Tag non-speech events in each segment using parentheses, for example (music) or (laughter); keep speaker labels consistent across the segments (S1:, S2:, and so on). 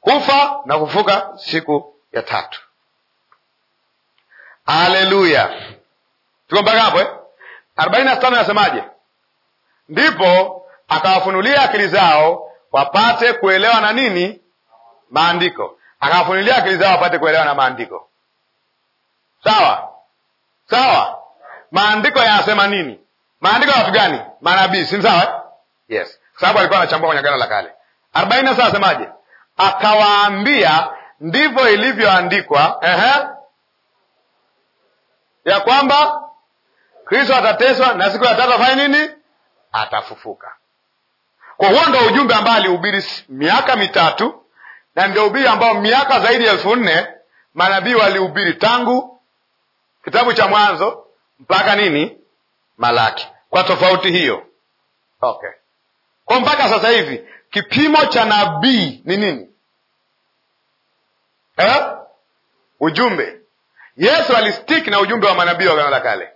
S1: kufa na kufuka siku ya tatu. Aleluya, tuko mpaka hapo eh? arobaini na tano nasemaje? Ndipo akawafunulia akili zao wapate kuelewa na nini maandiko, akawafunulia akili zao wapate kuelewa na maandiko. Sawa sawa, maandiko yanasema nini? Maandiko ya watu gani? Manabii, si sawa eh? Yes, kwa sababu alikuwa anachambua kwenye gano la Kale. arobaini na saba asemaje? akawaambia, ndivyo ilivyoandikwa ehe, ya kwamba Kristo atateswa na siku ya tatu afanye nini? Atafufuka. Kwa huo ndo ujumbe ambao alihubiri miaka mitatu, na ndio ubiri ambao miaka zaidi ya elfu nne manabii walihubiri tangu kitabu cha Mwanzo mpaka nini Malaki. Kwa tofauti hiyo, okay, kwa mpaka sasa hivi kipimo cha nabii ni nini? eh? Ujumbe. Yesu alistik na ujumbe wa manabii wa Agano la Kale.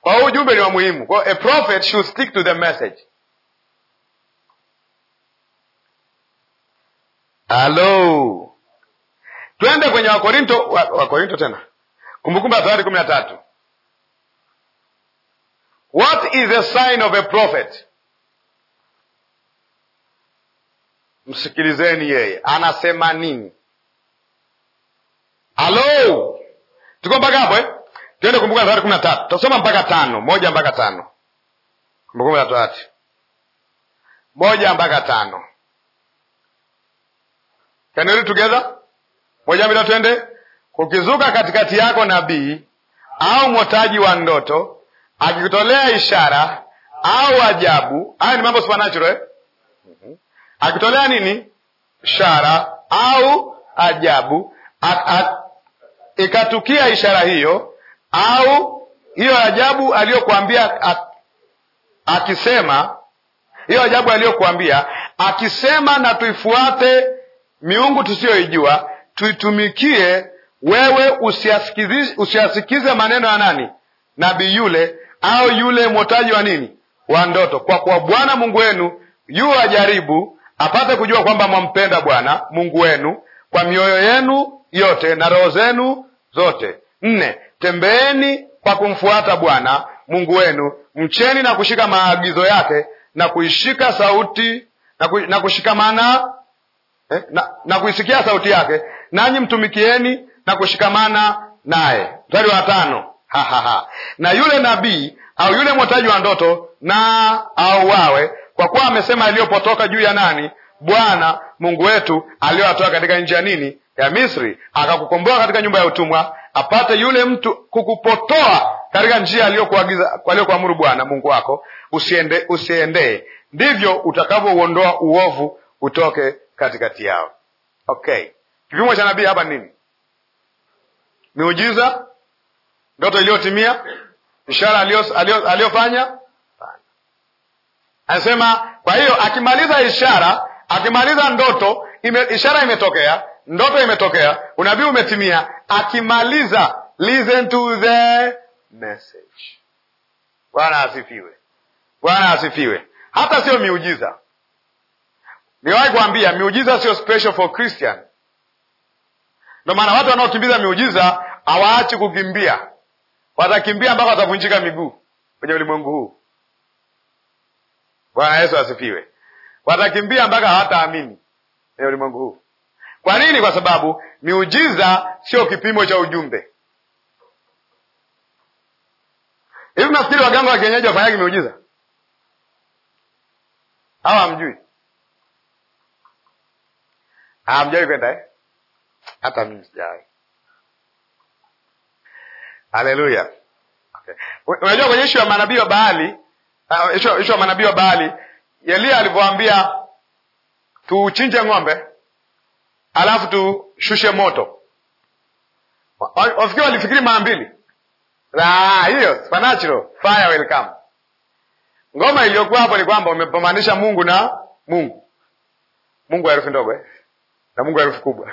S1: Kwa hiyo ujumbe ni wa muhimu. Kwa a prophet should stick to the message. Halo, twende kwenye Wakorinto, Wakorinto wa tena Kumbukumbu ya Torati kumi na tatu. What is the sign of a prophet? Msikilizeni yeye anasema nini. Halo, tuko mpaka hapo eh? Tuende Kumbukumbu la Torati kumi na tatu, tutasoma mpaka tano, moja mpaka tano. Kumbukumbu la Torati moja mpaka tano. Can you read together? Moja mbili twende. Kukizuka katikati yako nabii au mwotaji wa ndoto akikutolea ishara au ajabu, haya ni mambo supernatural eh? Mhm. Akitolea nini? Ishara au ajabu, ikatukia ishara hiyo au hiyo ajabu aliyokuambia akisema hiyo ajabu aliyokuambia akisema, na tuifuate miungu tusiyoijua tuitumikie, wewe usiyasikize maneno ya nani nabii yule au yule mwotaji wa nini wa ndoto, kwa kuwa Bwana Mungu wenu yu ajaribu apate kujua kwamba mwampenda Bwana Mungu wenu kwa mioyo yenu yote na roho zenu zote. Nne, tembeeni kwa kumfuata Bwana Mungu wenu, mcheni na kushika maagizo yake na kuishika sauti na, ku, na kushikamana eh, na, na kuisikia sauti yake, nanyi mtumikieni na kushikamana naye. Mstari wa tano, ha, ha, ha. Na yule nabii au yule mwotaji wa ndoto na au wawe kwa kuwa amesema aliyopotoka juu ya nani? Bwana Mungu wetu aliyowatoa katika nchi ya nini? ya Misri akakukomboa katika nyumba ya utumwa, apate yule mtu kukupotoa katika njia aliyokuagiza aliyokuamuru Bwana Mungu wako usiende, usiendee. Ndivyo utakavyouondoa uovu utoke katikati yao. Okay, kipimo cha nabii hapa nini? Miujiza, ndoto iliyotimia, ishara aliyofanya. Anasema, kwa hiyo akimaliza ishara, akimaliza ndoto ime, ishara imetokea ndoto imetokea, unabii umetimia. Akimaliza, listen to the message. Bwana asifiwe, Bwana asifiwe. Hata sio miujiza, niwahi kuambia miujiza sio special for Christian. Ndo maana watu wanaokimbiza miujiza hawaachi kukimbia, watakimbia mpaka watavunjika miguu kwenye ulimwengu huu. Bwana Yesu asifiwe, watakimbia mpaka hawataamini kwenye ulimwengu huu. Kwa nini? Kwa sababu miujiza sio kipimo cha ujumbe. Hivi nafikiri waganga wa kienyeji wafanyaje miujiza? Hawa hamjui, hamjawai kwenda eh? Hata mimi sijawai. Haleluya! Okay. Unajua kwenye ishu ya manabii wa Baali, uh, ishu ya manabii wa Baali, Elia alivyoambia tuuchinje ng'ombe alafu tushushe moto. Wafikiri walifikiri mara mbili, hiyo supernatural fire will come. Ngoma iliyokuwa hapo ni kwamba umepambanisha Mungu na Mungu, Mungu wa herufi ndogo eh? na Mungu wa herufi kubwa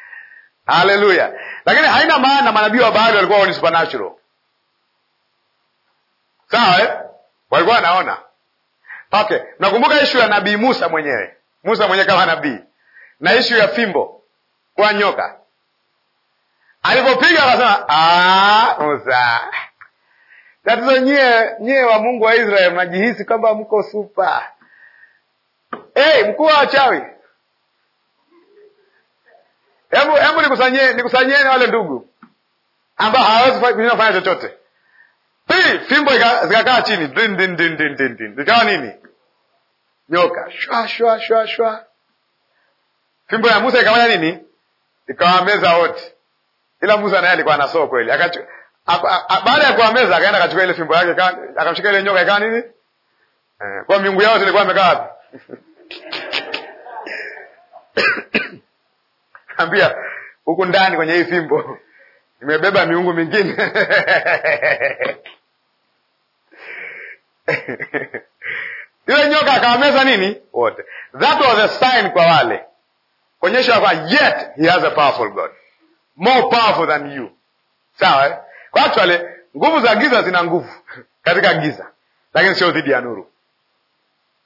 S1: (laughs) Haleluya! Lakini haina maana manabii wa bahari walikuwa ni supernatural, sawa eh? walikuwa wanaona. Okay, nakumbuka ishu ya nabii Musa mwenyewe, Musa mwenyewe kama nabii na ishu ya fimbo kwa nyoka. Alipopiga akasema ah, Musa, tatizo nyie, nyie wa Mungu wa Israeli mnajihisi kwamba mko super. Hey, mkuu wa wachawi, hebu hebu nikusanyie nikusanyieni wale ndugu ambao hawawezi kufanya chochote. Pili, fimbo zikakaa chini, din din din din din, ikawa nini? Nyoka shwa shwa shwa shwa Fimbo ya Musa ikafanya nini? Ikawameza wote, ila Musa naye alikuwa anasoo kweli. Baada ya kuwameza, akaenda akachukua ile fimbo yake, akamshika ile nyoka, ikawa nini eh, kwa miungu yao zilikuwa amekaa wapi? (coughs) ambia huku ndani kwenye hii fimbo imebeba miungu mingine yule (laughs) nyoka akawameza nini wote. That was a sign kwa wale kuonyesha kwamba yet he has a powerful God, more powerful than you. Sawa eh? Kwa actually nguvu za giza zina nguvu (laughs) katika giza, lakini sio dhidi ya nuru.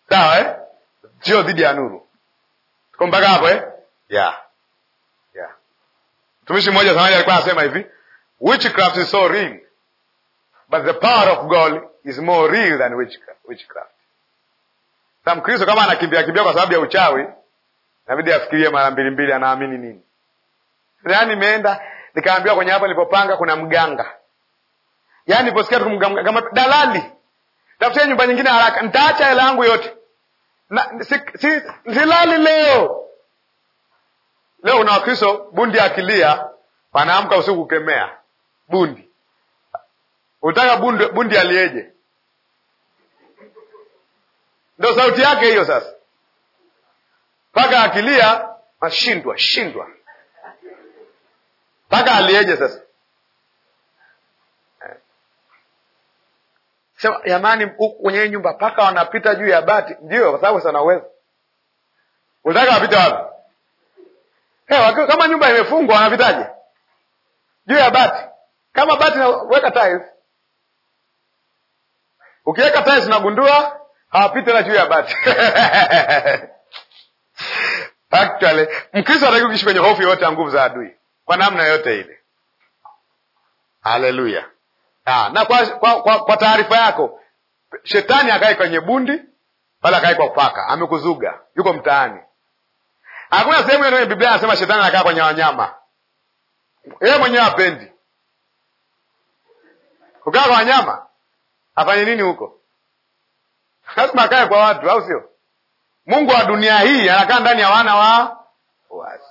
S1: Sawa eh? Sio dhidi ya nuru. Tuko mpaka hapo eh? Yeah. Yeah. Mtumishi mmoja zamani alikuwa anasema hivi, witchcraft is so real but the power of God is more real than witchcraft. Sa Mkristo kama anakimbia kimbia kwa sababu ya uchawi nabidi afikirie mara mbili mbili, anaamini nini. Yaani nimeenda nikaambiwa kwenye hapa nilipopanga kuna mganga, yaani niposikia tu kama dalali, tafutie nyumba nyingine haraka, nitaacha hela yangu yote na, si, si, silali leo. Leo kuna Wakristo bundi akilia panaamka usiku kukemea bundi. Unataka bundi, bundi alieje? Ndo sauti yake hiyo sasa mpaka akilia ashindwa shindwa mpaka alieje sasa eh. sema jamani, kwenye nyumba paka wanapita juu ya bati. Ndio, kwa sababu sana uwezo unataka wapite wapi? Hey, eh, kama nyumba imefungwa wanapitaje juu ya bati? Kama bati naweka tiles, ukiweka tiles unagundua hawapiti na juu ya bati (laughs) Actually, Mkristo hataki kuishi kwenye hofu yoyote ya nguvu za adui kwa namna yoyote ile. Haleluya! Ah, na kwa, kwa, kwa, kwa taarifa yako, shetani akae kwenye bundi wala akae kwa paka, amekuzuga, yuko mtaani. Hakuna sehemu yenye Biblia anasema shetani anakaa kwenye wanyama, yeye mwenyewe apendi kukaa kwa wanyama. Afanye nini huko? (laughs) Lazima akae kwa watu, au sio? Mungu wa dunia hii anakaa ndani ya wana wa wazi.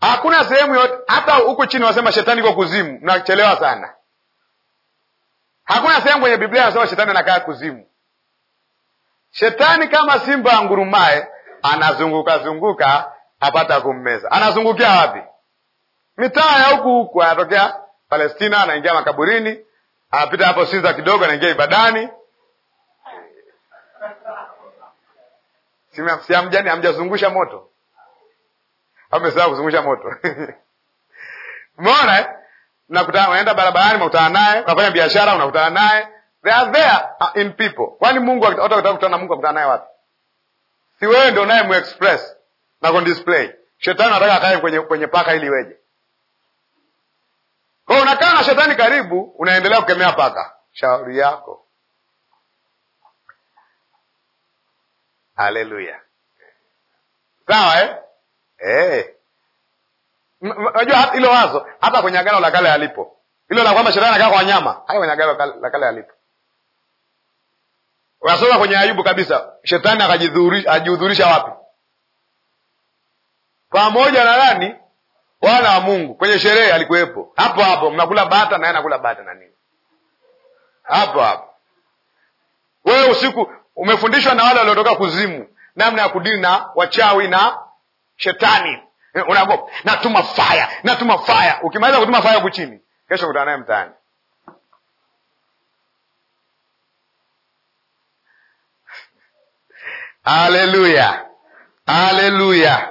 S1: Hakuna sehemu yote, hata huku chini wasema shetani iko kuzimu, mnachelewa sana. Hakuna sehemu kwenye Biblia anasema shetani anakaa kuzimu. Shetani kama simba angurumae anazunguka zunguka apata kummeza. Anazungukia wapi? Mitaa ya huku huku, anatokea Palestina, anaingia makaburini, anapita hapo Sinza kidogo, anaingia ibadani Siamjani, amjazungusha moto, amesaa kuzungusha moto (laughs) mona eh? nakutana, unaenda barabarani, unakutana naye, unafanya biashara, unakutana naye, they are there uh, in people. Kwani Mungu atakutana kukutana na Mungu akutana naye wapi? Si wewe ndo naye muexpress na kon display. Shetani anataka akae kwenye, kwenye paka ili weje kwao. Unakaa na shetani karibu, unaendelea kukemea paka. Shauri yako Haleluya, sawa eh? Eh. Unajua hilo wazo hata kwenye agano la kale alipo hilo la kwamba shetani anakaa kwa wanyama, hayo kwenye agano la kale alipo. Unasoma kwenye Ayubu kabisa, shetani akajihudhurisha wapi? Pamoja na nani? Wana wa Mungu, kwenye sherehe alikuwepo, hapo hapo mnakula bata naye anakula bata na nini, hapo hapo wewe usiku Umefundishwa na wale waliotoka kuzimu namna ya kudili na wachawi na shetani. natuma faya, natuma faya. Ukimaliza kutuma faya huku chini, kesho kutana naye mtaani. aleluya aleluya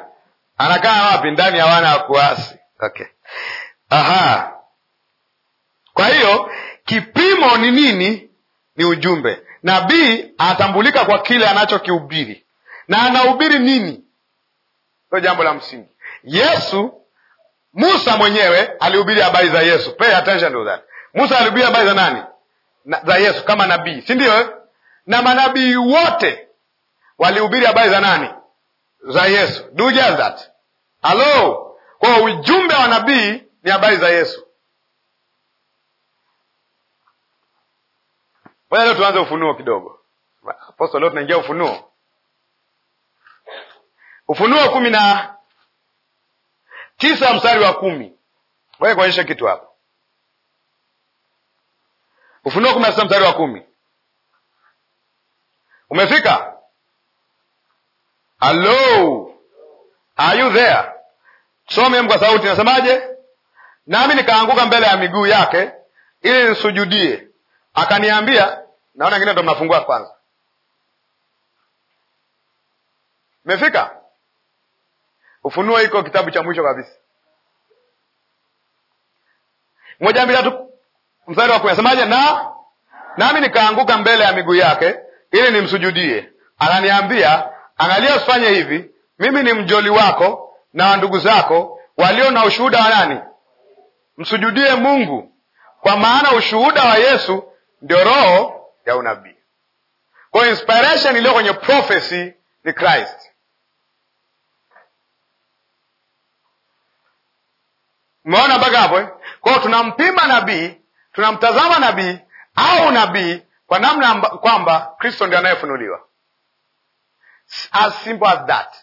S1: Anakaa wapi? Ndani ya wana wa Okay. Aha, kwa hiyo kipimo ni nini? Ni ujumbe. Nabii anatambulika kwa kile anachokihubiri, na anahubiri nini? Ndio jambo la msingi. Yesu, Musa mwenyewe alihubiri habari za Yesu. Pay attention to that. Musa alihubiri habari za nani? Na, za Yesu kama nabii, si ndio? Eh? Na manabii wote walihubiri habari za nani? Za Yesu. Do just that. Halo, kwa ujumbe wa nabii ni habari za Yesu. Ngoja leo tuanze ufunuo kidogo. Apostle, leo tunaingia ufunuo. Ufunuo kumi na tisa mstari wa kumi. Ngoja kuonyesha kitu hapo. Ufunuo kumi na tisa mstari wa kumi. Umefika? Hello. Are you there? Some kwa sauti nasemaje? Nami nikaanguka mbele ya miguu yake ili nisujudie. Akaniambia, Naona wengine ndo mnafungua kwanza. Mefika Ufunuo, iko kitabu cha mwisho kabisa, moja mbili tatu, mstari wa kumi nasemaje? Na nami nikaanguka mbele ya miguu yake ili nimsujudie. Ananiambia, angalia, usifanye hivi. Mimi ni mjoli wako na wandugu ndugu zako walio na ushuhuda wa nani? Msujudie Mungu. Kwa maana ushuhuda wa Yesu ndio Roho ya unabii. Kwa hiyo inspiration iliyo kwenye prophecy ni Christ. Umeona mpaka hapo eh? Kwa hiyo tunampima nabii, tunamtazama nabii au nabii kwa namna kwamba Kristo ndiye anayefunuliwa. As simple as that.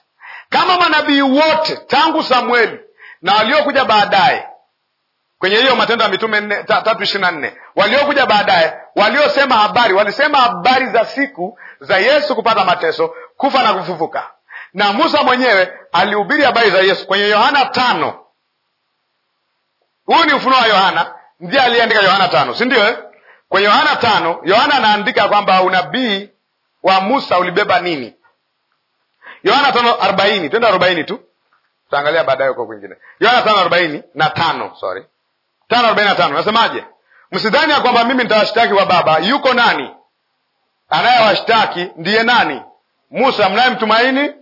S1: Kama manabii wote tangu Samueli na waliokuja baadaye kwenye hiyo Matendo ya Mitume tatu ishirini na nne waliokuja baadaye waliosema habari walisema habari za siku za Yesu kupata mateso, kufa na kufufuka, na Musa mwenyewe alihubiri habari za Yesu kwenye Yohana tano. Huu ni ufunuo wa Yohana, ndiye aliyeandika Yohana tano, si ndio eh? Kwenye Yohana tano, Yohana anaandika kwamba unabii wa Musa ulibeba nini? Yohana tano arobaini, twende arobaini tu, tutaangalia baadaye huko kwingine. Yohana tano arobaini na tano sorry tano arobaini na tano nasemaje? Msidhani ya kwamba mimi nitawashtaki kwa Baba. Yuko nani anayewashtaki? Ndiye nani? Musa mnayemtumaini.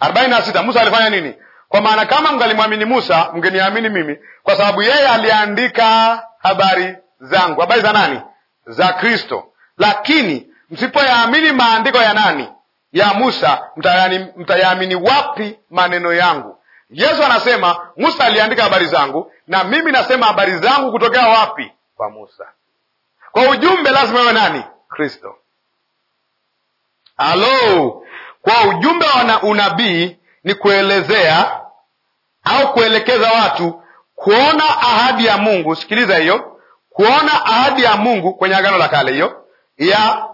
S1: arobaini na sita Musa alifanya nini? Kwa maana kama mngalimwamini Musa, mngeniamini mimi, kwa sababu yeye aliandika habari zangu. Habari za nani? Za Kristo. Lakini msipoyaamini maandiko ya nani? Ya Musa, mtayaamini wapi maneno yangu? Yesu anasema Musa aliandika habari zangu, na mimi nasema habari zangu kutokea wapi? Kwa Musa. Kwa ujumbe lazima iwe nani? Kristo. Halo, kwa ujumbe wa unabii ni kuelezea au kuelekeza watu kuona ahadi ya Mungu. Sikiliza hiyo, kuona ahadi ya Mungu kwenye Agano la Kale, hiyo ya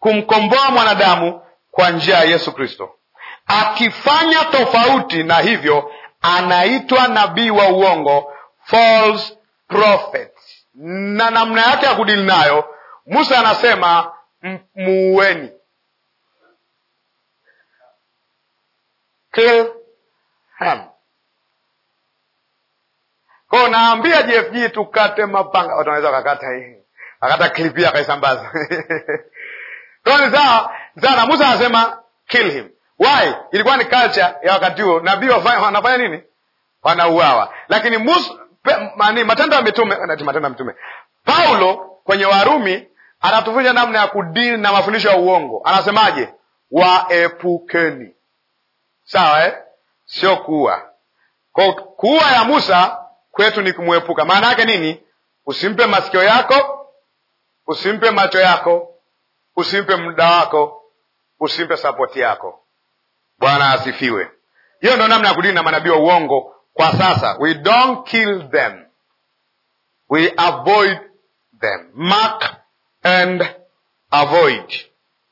S1: kumkomboa mwanadamu kwa njia ya Yesu Kristo. Akifanya tofauti na hivyo, anaitwa nabii wa uongo, false prophet. Na namna yake ya kudili nayo, Musa anasema muueni, kill him. Kwa naambia JFG tukate mapanga, watu wanaweza wakakata hii akata klipia akaisambaza. (laughs) Kwa ni na Musa anasema kill him Why? Ilikuwa ni culture ya wakati huo, nabii wanafanya nini? Wanauawa. Lakini mus, pe, mani, matendo ya mitume, matendo ya mitume Paulo kwenye Warumi anatufunza namna ya kudini na mafundisho ya uongo. Anasemaje? Waepukeni, sawa eh? Sio kuua. Kwa kuua ya Musa kwetu ni kumwepuka. Maana yake nini? Usimpe masikio yako, usimpe macho yako, usimpe muda wako, usimpe sapoti yako. Bwana asifiwe. Hiyo ndo namna ya kudili na manabii wa uongo kwa sasa. We don't kill them, we avoid them. Mark and avoid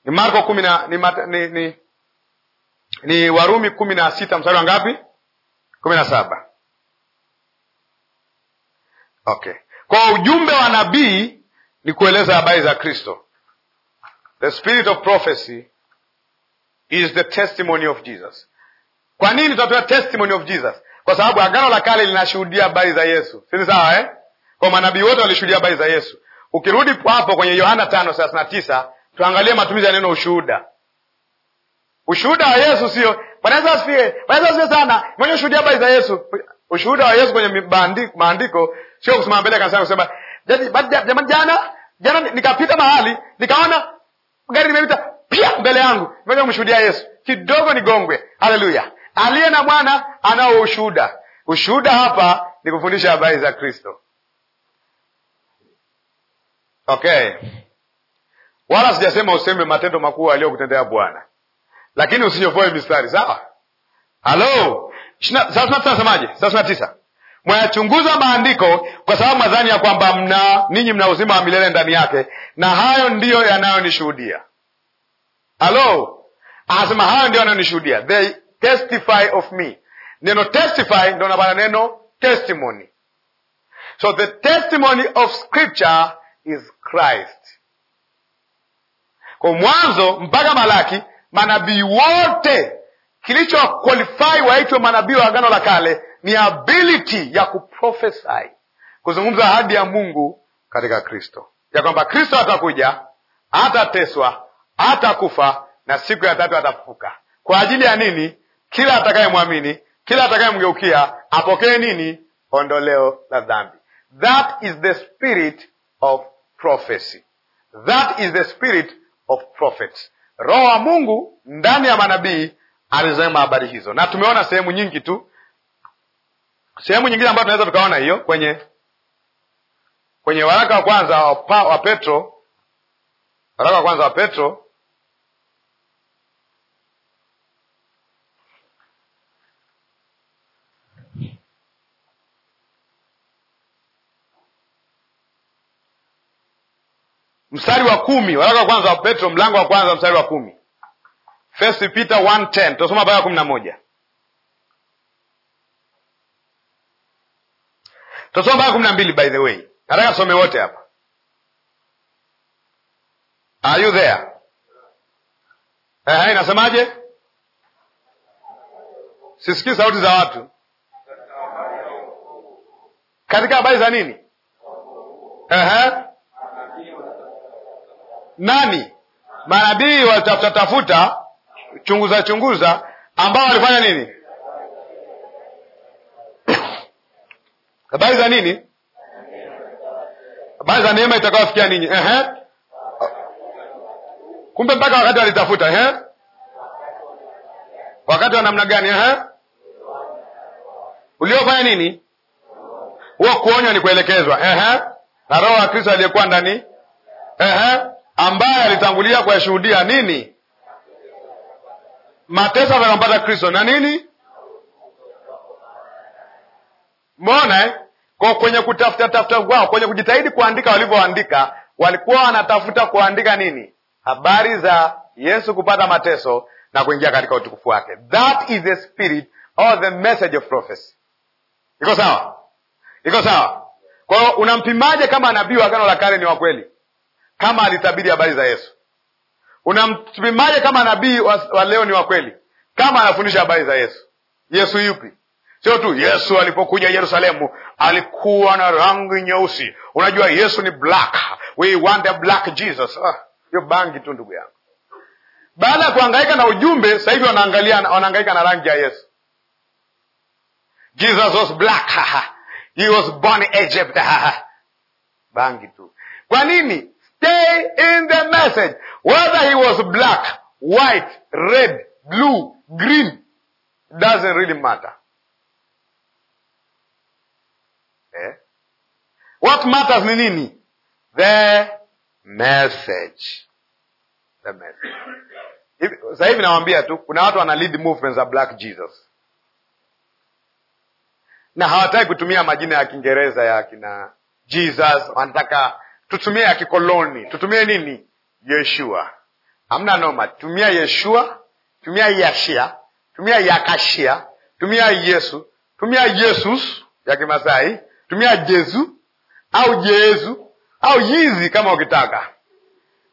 S1: ni Marko kumi na ni, ni, ni, ni Warumi kumi na sita mstari wa ngapi? kumi na saba. Okay, kwa ujumbe wa nabii ni kueleza habari za Kristo. The spirit of prophecy is the testimony of Jesus. Kwa nini tunatoa testimony of Jesus? Kwa sababu agano la kale linashuhudia habari za Yesu, si sawa eh? Kwa manabii wote walishuhudia habari za Yesu. Ukirudi hapo kwenye Yohana 5:39, tuangalie matumizi ya neno ushuhuda. Ushuhuda wa Yesu sio Bwana Yesu asifiwe, Bwana Yesu asifiwe sana, mwenye shuhudia habari za Yesu. Ushuhuda wa Yesu kwenye maandiko sio kusimama mbele ya kanisa kusema jamani, jana jana nikapita mahali nikaona gari limepita pia mbele yangu, nimekuja kumshuhudia Yesu, kidogo nigongwe. Haleluya! aliye na Bwana anao ushuhuda. Ushuhuda hapa ni kufundisha habari za Kristo. Okay, wala sijasema useme matendo makuu aliyokutendea Bwana, lakini usinyovoe mistari, sawa? Halo, sasa Thelathini na tisa, mwayachunguza maandiko kwa sababu mwadhani ya kwamba mna ninyi mna uzima wa milele ndani yake, na hayo ndiyo yanayonishuhudia. Halo, anasema hayo ndio wanaonishuhudia, they testify of me. Neno testify ndio na neno testimony. So the testimony of scripture is Christ. Kwa mwanzo mpaka Malaki, manabii wote, kilicho qualify waitwe manabii wa agano la kale ni ability ya kuprofesai, kuzungumza ahadi ya Mungu katika Kristo, ya kwamba Kristo atakuja, atateswa atakufa na siku ya tatu atafufuka. Kwa ajili ya nini? Kila atakayemwamini, kila atakayemgeukia apokee nini? Ondoleo la dhambi. That is the spirit of prophecy. That is the spirit of prophets. Roho wa Mungu ndani ya manabii alizoema habari hizo, na tumeona sehemu nyingi tu. Sehemu nyingine ambayo tunaweza tukaona hiyo kwenye kwenye waraka wa kwanza wa Petro, waraka wa kwanza wa Petro mstari wa kumi waraka wa kwanza wa Petro mlango wa kwanza mstari wa kumi First Peter 1:10 tutasoma mpaka kumi na moja tutasoma mpaka kumi na mbili by the way nataka tusome wote hapa Are you there? Eh, inasemaje? Sisikii sauti za watu katika habari za nini? nani? Manabii walitafuta tafuta, chunguza chunguza, ambao walifanya nini? (coughs) habari za nini? habari za neema itakayofikia ninyi. Ehe, kumbe mpaka wakati walitafuta. Ehe, wakati wa namna gani? Ehe, uliofanya nini? huo kuonywa ni kuelekezwa. Ehe, na Roho wa Kristo aliyekuwa ndani. Ehe ambaye alitangulia kuyashuhudia nini mateso atakampata Kristo na nini mona eh? Kwa kwenye kutafuta tafuta kwao, kwenye kujitahidi kuandika walivyoandika, walikuwa wanatafuta kuandika nini? Habari za Yesu kupata mateso na kuingia katika utukufu wake. That is the spirit or the message of prophecy. Iko sawa? Iko sawa? Kwa hiyo unampimaje kama nabii wa Agano la Kale ni wa kweli? kama alitabiri habari za Yesu? Unampimaje kama nabii wa, wa leo ni wa kweli kama anafundisha habari za Yesu? Yesu yupi? Sio tu Yesu alipokuja Yerusalemu alikuwa na rangi nyeusi. Unajua Yesu ni black, we want the black Jesus. Ah, hiyo ah, bangi tu ndugu yangu. Baada ya kuangaika na ujumbe, sasa hivi wanaangalia, wanahangaika na rangi ya Yesu. Jesus was black, (laughs) he was born in Egypt. (laughs) Bangi tu. Kwa nini? stay in the message. Whether he was black, white, red, blue, green, doesn't really matter. Eh? What matters ni nini? The message. The message. Sasa hivi nawaambia tu kuna watu wana lead movements za black Jesus na hawataki kutumia majina ya Kiingereza ya kina Jesus, wanataka tutumie ya kikoloni, tutumie nini? yeshua amna noma, tumia Yeshua, tumia Yashia, tumia Yakashia, tumia Yesu, tumia Yesus ya Kimasai, tumia Jezu au Jezu au Yizi kama ukitaka.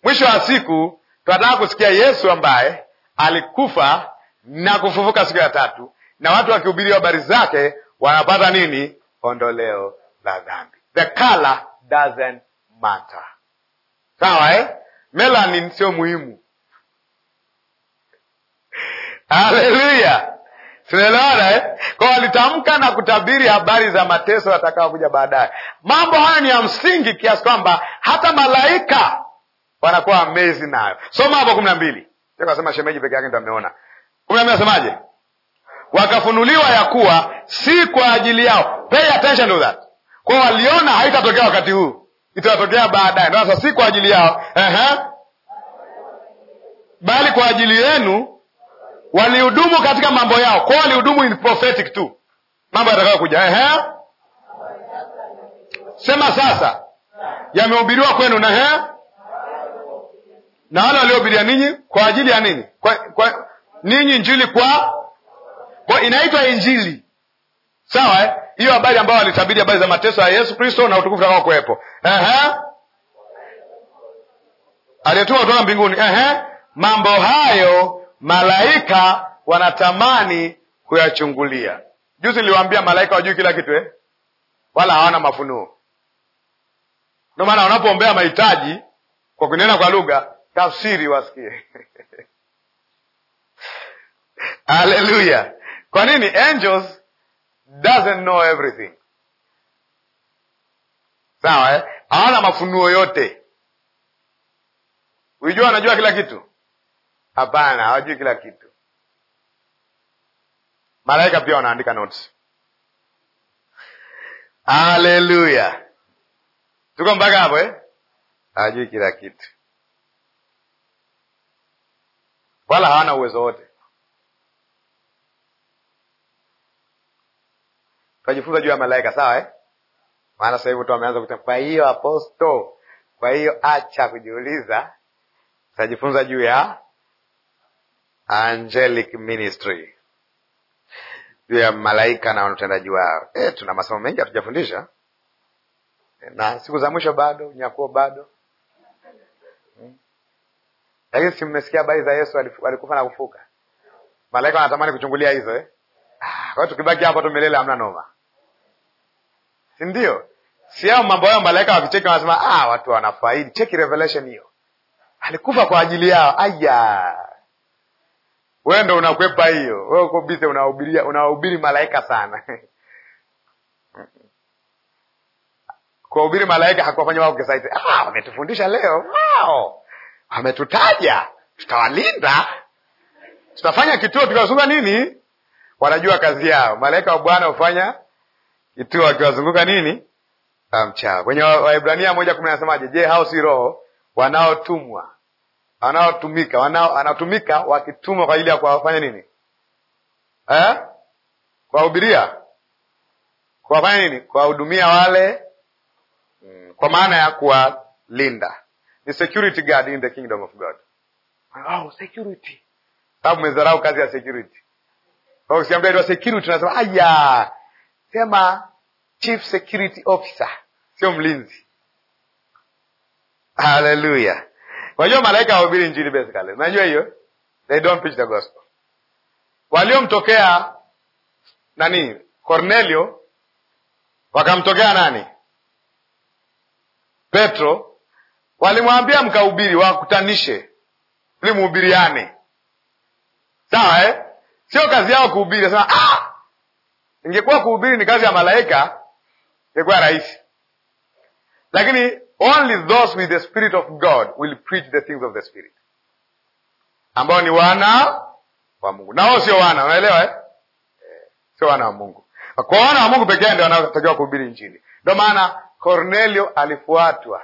S1: Mwisho wa siku tunataka kusikia Yesu ambaye alikufa na kufufuka siku ya tatu, na watu wakihubiriwa habari zake wanapata nini? Ondoleo la dhambi. The color doesn't bata. Sawa eh? Melanin sio muhimu. (laughs) Haleluya, tunaelewana eh? Kwa alitamka na kutabiri habari za mateso yatakayokuja baadaye. Mambo haya ni ya msingi kiasi kwamba hata malaika wanakuwa amazed nayo. Soma hapo kumi na mbili. Kasema shemeji peke yake ndo ameona. Kumi na mbili nasemaje? Wakafunuliwa ya kuwa si kwa ajili yao. Pay attention to that. Kwa waliona haitatokea wakati huu itatokea baadaye. Ndio sasa, si kwa ajili yao, ehe, bali kwa ajili yenu. Walihudumu katika mambo yao, kwao walihudumu in prophetic tu, mambo yatakayokuja. Ehe, sema sasa, yamehubiriwa kwenu na ehe, na wale waliohubiria ninyi kwa ajili ya nini? Kwa, kwa ninyi injili kwa, kwa inaitwa injili sawa eh? hiyo habari ambayo alitabiri habari za mateso ya Yesu Kristo na utukufu utakao kuwepo aliyetuma kutoka mbinguni. Aha. mambo hayo malaika wanatamani kuyachungulia. Juzi niliwaambia malaika wajui kila kitu eh? wala hawana mafunuo. Ndio maana wanapoombea mahitaji kwa kunena kwa lugha, tafsiri wasikie aleluya (laughs) Kwa nini angels doesn't know everything. Sawa eh? hana mafunuo yote. Ulijua anajua kila kitu? Hapana, hawajui kila kitu. Malaika pia wanaandika notes. Haleluya, tuko mpaka hapo eh? Hawajui kila kitu, wala hawana uwezo wote. tukajifunza juu ya malaika, sawa eh? Maana sasa hivi tu ameanza kusema, kwa hiyo aposto, kwa hiyo acha kujiuliza, tutajifunza juu ya angelic ministry, juu ya malaika na utendaji wao. Eh, tuna masomo mengi hatujafundisha, na siku za mwisho bado, nyakuo bado hmm. Lakini si mmesikia habari za Yesu alikufa na kufuka, malaika wanatamani kuchungulia hizo eh? Kwa tukibaki hapa tu milele hamna noma, si ndio? Si hao mambo hayo malaika wakicheki wanasema ah, watu wanafaidi. Cheki revelation hiyo, alikufa kwa ajili yao. Aya, wewe ndo unakwepa hiyo, wewe uko bize unahubiria, unahubiri malaika sana (laughs) kuwahubiri malaika hakuwafanya wao kisaiti. Ah, wametufundisha leo wao, wametutaja, tutawalinda, tutafanya kituo tukazunga nini wanajua kazi yao. Malaika wa Bwana hufanya kituo wakiwazunguka nini mchao. Kwenye Waibrania moja kumi anasemaje? Je, hao si roho wanaotumwa wanaotumika wanao, anatumika wakitumwa kwa ajili ya kuwafanya nini eh? Kuwahubiria, kuwafanya nini? Kuwahudumia wale mm, kwa maana ya kuwalinda. Ni security guard in the kingdom of God. Wow, security! Sababu umedharau kazi ya security ukiambia wa security unasema aya, sema chief security officer, sio mlinzi. Haleluya! Unajua malaika hawahubiri injili basically, unajua hiyo, they don't preach the gospel. Waliomtokea nani? Cornelio, wakamtokea nani? Petro. Walimwambia mkahubiri, wakutanishe ili sawa eh? Sio kazi yao kuhubiri. Nasema ah, ingekuwa kuhubiri ni kazi ya malaika, ingekuwa rahisi, lakini only those with the spirit of God will preach the things of the spirit, ambao ni wana wa Mungu na wao sio wana, unaelewa eh? Sio wana wa Mungu. Kwa wana wa Mungu pekee ndio wanatakiwa kuhubiri Injili. Ndio maana Cornelio alifuatwa,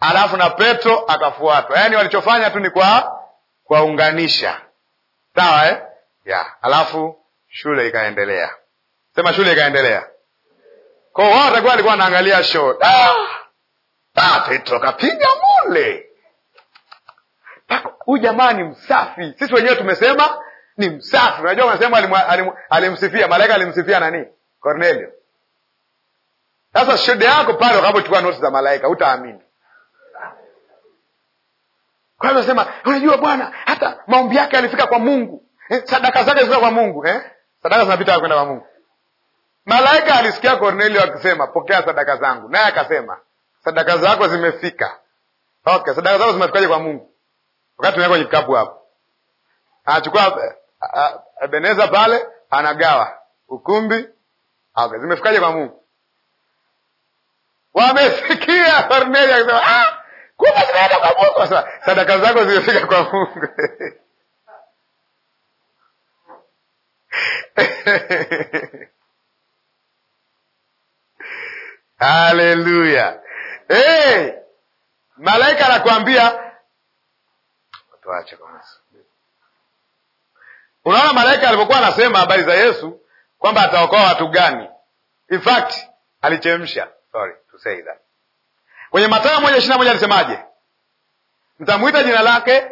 S1: alafu na Petro akafuatwa. Yaani walichofanya tu ni kwa kuwaunganisha, sawa eh? ya alafu shule ikaendelea. Sema shule ikaendelea. Kwa wao watakuwa alikuwa anaangalia show ah, Petro kapiga mule. Huyu jamaa ni msafi, sisi wenyewe tumesema ni msafi. Unajua wanasema alimsifia malaika alimsifia nani? Cornelio. Sasa shida yako pale wakapochukua noti za malaika, utaamini. Kwa hiyo nasema, unajua bwana, hata maombi yake alifika kwa Mungu. Eh, sadaka zake zina kwa Mungu eh? sadaka zinapita kwenda kwa Mungu. Malaika alisikia Kornelio akisema pokea sadaka zangu, naye akasema sadaka zako zimefika. Okay, sadaka zako zimefikaje kwa Mungu? Wakati unaweka kwenye kikapu hapo, anachukua Ebeneza eh, pale, anagawa ukumbi. Okay, zimefikaje kwa Mungu? Wamesikia Kornelio akisema ah, kumbe zimeenda kwa Mungu. Sasa sadaka zako zimefika kwa Mungu (laughs) (laughs) Haleluya! Hey, malaika anakuambia tuache kwanza. Unaona malaika alipokuwa anasema habari za Yesu kwamba ataokoa watu gani, in fact alichemsha, sorry to say that, kwenye Mathayo moja ishirini na moja alisemaje? Mtamwita jina lake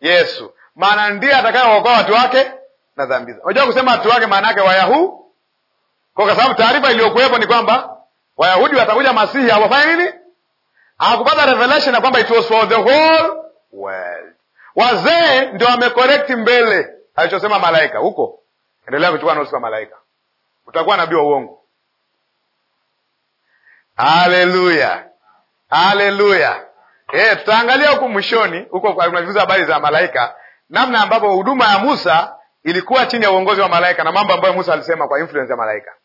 S1: Yesu, maana ndiye atakayeokoa watu wake na dhambi zao. Unajua kusema watu wake maana yake Wayahu, kwa sababu taarifa iliyokuwepo ni kwamba Wayahudi watakuja Masihi hawafanya nini? Hawakupata revelation na kwamba it was for the whole world. Wazee ndio wamekorekti mbele alichosema malaika huko. Endelea kuchukua notes kwa malaika, utakuwa nabii wa uongo. Haleluya, haleluya. Eh, tutaangalia huku mwishoni huko, tunajifunza habari za malaika, namna ambapo huduma ya Musa ilikuwa chini ya uongozi wa malaika na mambo ambayo Musa alisema kwa influence ya malaika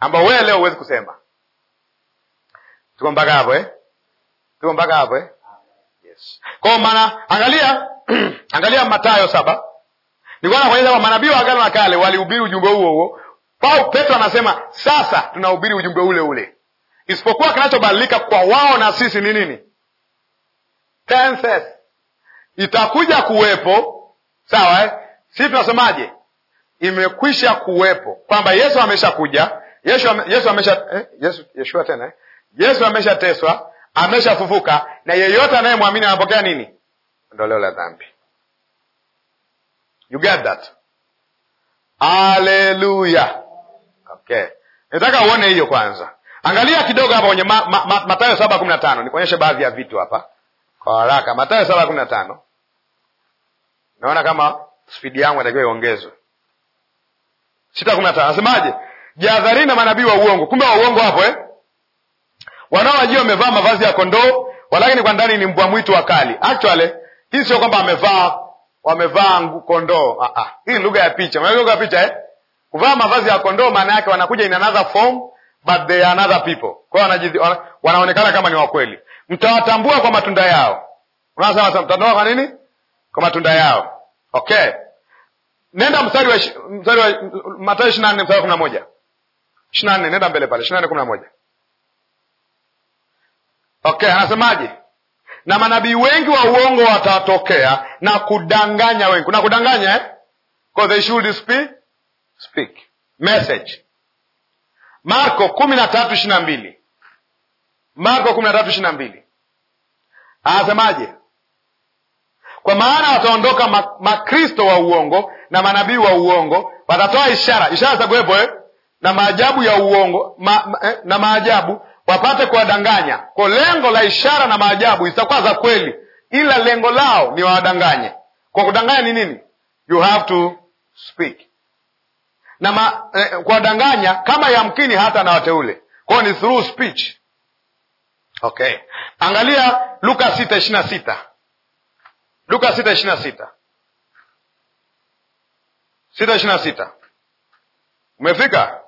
S1: ambao wewe leo huwezi kusema. Tuko mpaka hapo eh? Tuko mpaka hapo eh? Yes. Kwa maana angalia (clears throat) angalia Mathayo saba. Nilikuwa nakueleza kwa manabii wa Agano la Kale walihubiri ujumbe huo huo. Paulo Petro anasema sasa tunahubiri ujumbe ule ule. Isipokuwa kinachobadilika kwa wao na sisi ni nini? Tenses. Itakuja kuwepo sawa eh? Sisi tunasemaje? Imekwisha kuwepo kwamba Yesu ameshakuja, Yesu Yesu amesha eh, Yesu Yeshua tena eh? Yesu ameshateswa, ameshafufuka, na yeyote anayemwamini anapokea nini? Ondoleo la dhambi. You get that? Haleluya. Okay, nataka uone hiyo kwanza. Angalia kidogo hapa kwenye ma, ma, ma, Mathayo saba kumi na tano nikuonyeshe baadhi ya vitu hapa kwa haraka. Mathayo saba kumi na tano naona kama spidi yangu inatakiwa iongezwe. sita kumi na tano anasemaje? Jihadharini na manabii wa uongo. Kumbe wa uongo hapo eh? wanaowajia wamevaa mavazi ya kondoo, walakini kwa ndani ni mbwa mwitu wakali. Actually hii sio kwamba wamevaa wamevaa kondoo. Ah ah, hii lugha ya picha. Unajua lugha ya picha eh? Kuvaa mavazi ya kondoo maana yake wanakuja in another form but they are another people. Kwa hiyo wana, wanaonekana kama ni wakweli. Mtawatambua kwa matunda yao. Unasema mtandao kwa nini? Kwa matunda yao. Okay, nenda mstari wa, mstari wa Mathayo ishirini na nne mstari wa kumi na moja ishirini na nne nenda mbele pale ishirini na nne kumi na moja Okay, anasemaje? Na manabii wengi wa uongo watatokea na kudanganya wengi. Kuna kudanganya eh? Because they should speak, speak. Message. Marko kumi na tatu ishirini na mbili Marko kumi na tatu ishirini na mbili anasemaje? kwa maana wataondoka Makristo wa uongo na manabii wa uongo, watatoa ishara, ishara za kuwepo eh? na maajabu ya uongo ma, ma, eh, na maajabu wapate kuwadanganya. Kwa lengo la ishara na maajabu zitakuwa za kweli, ila lengo lao ni wawadanganye. Kwa kudanganya ni nini? You have to speak na ma, eh, kuwadanganya kama yamkini hata na wateule kwao ni through speech. Okay, angalia Luka sita ishirini na sita Luka sita ishirini na sita sita ishirini na sita umefika?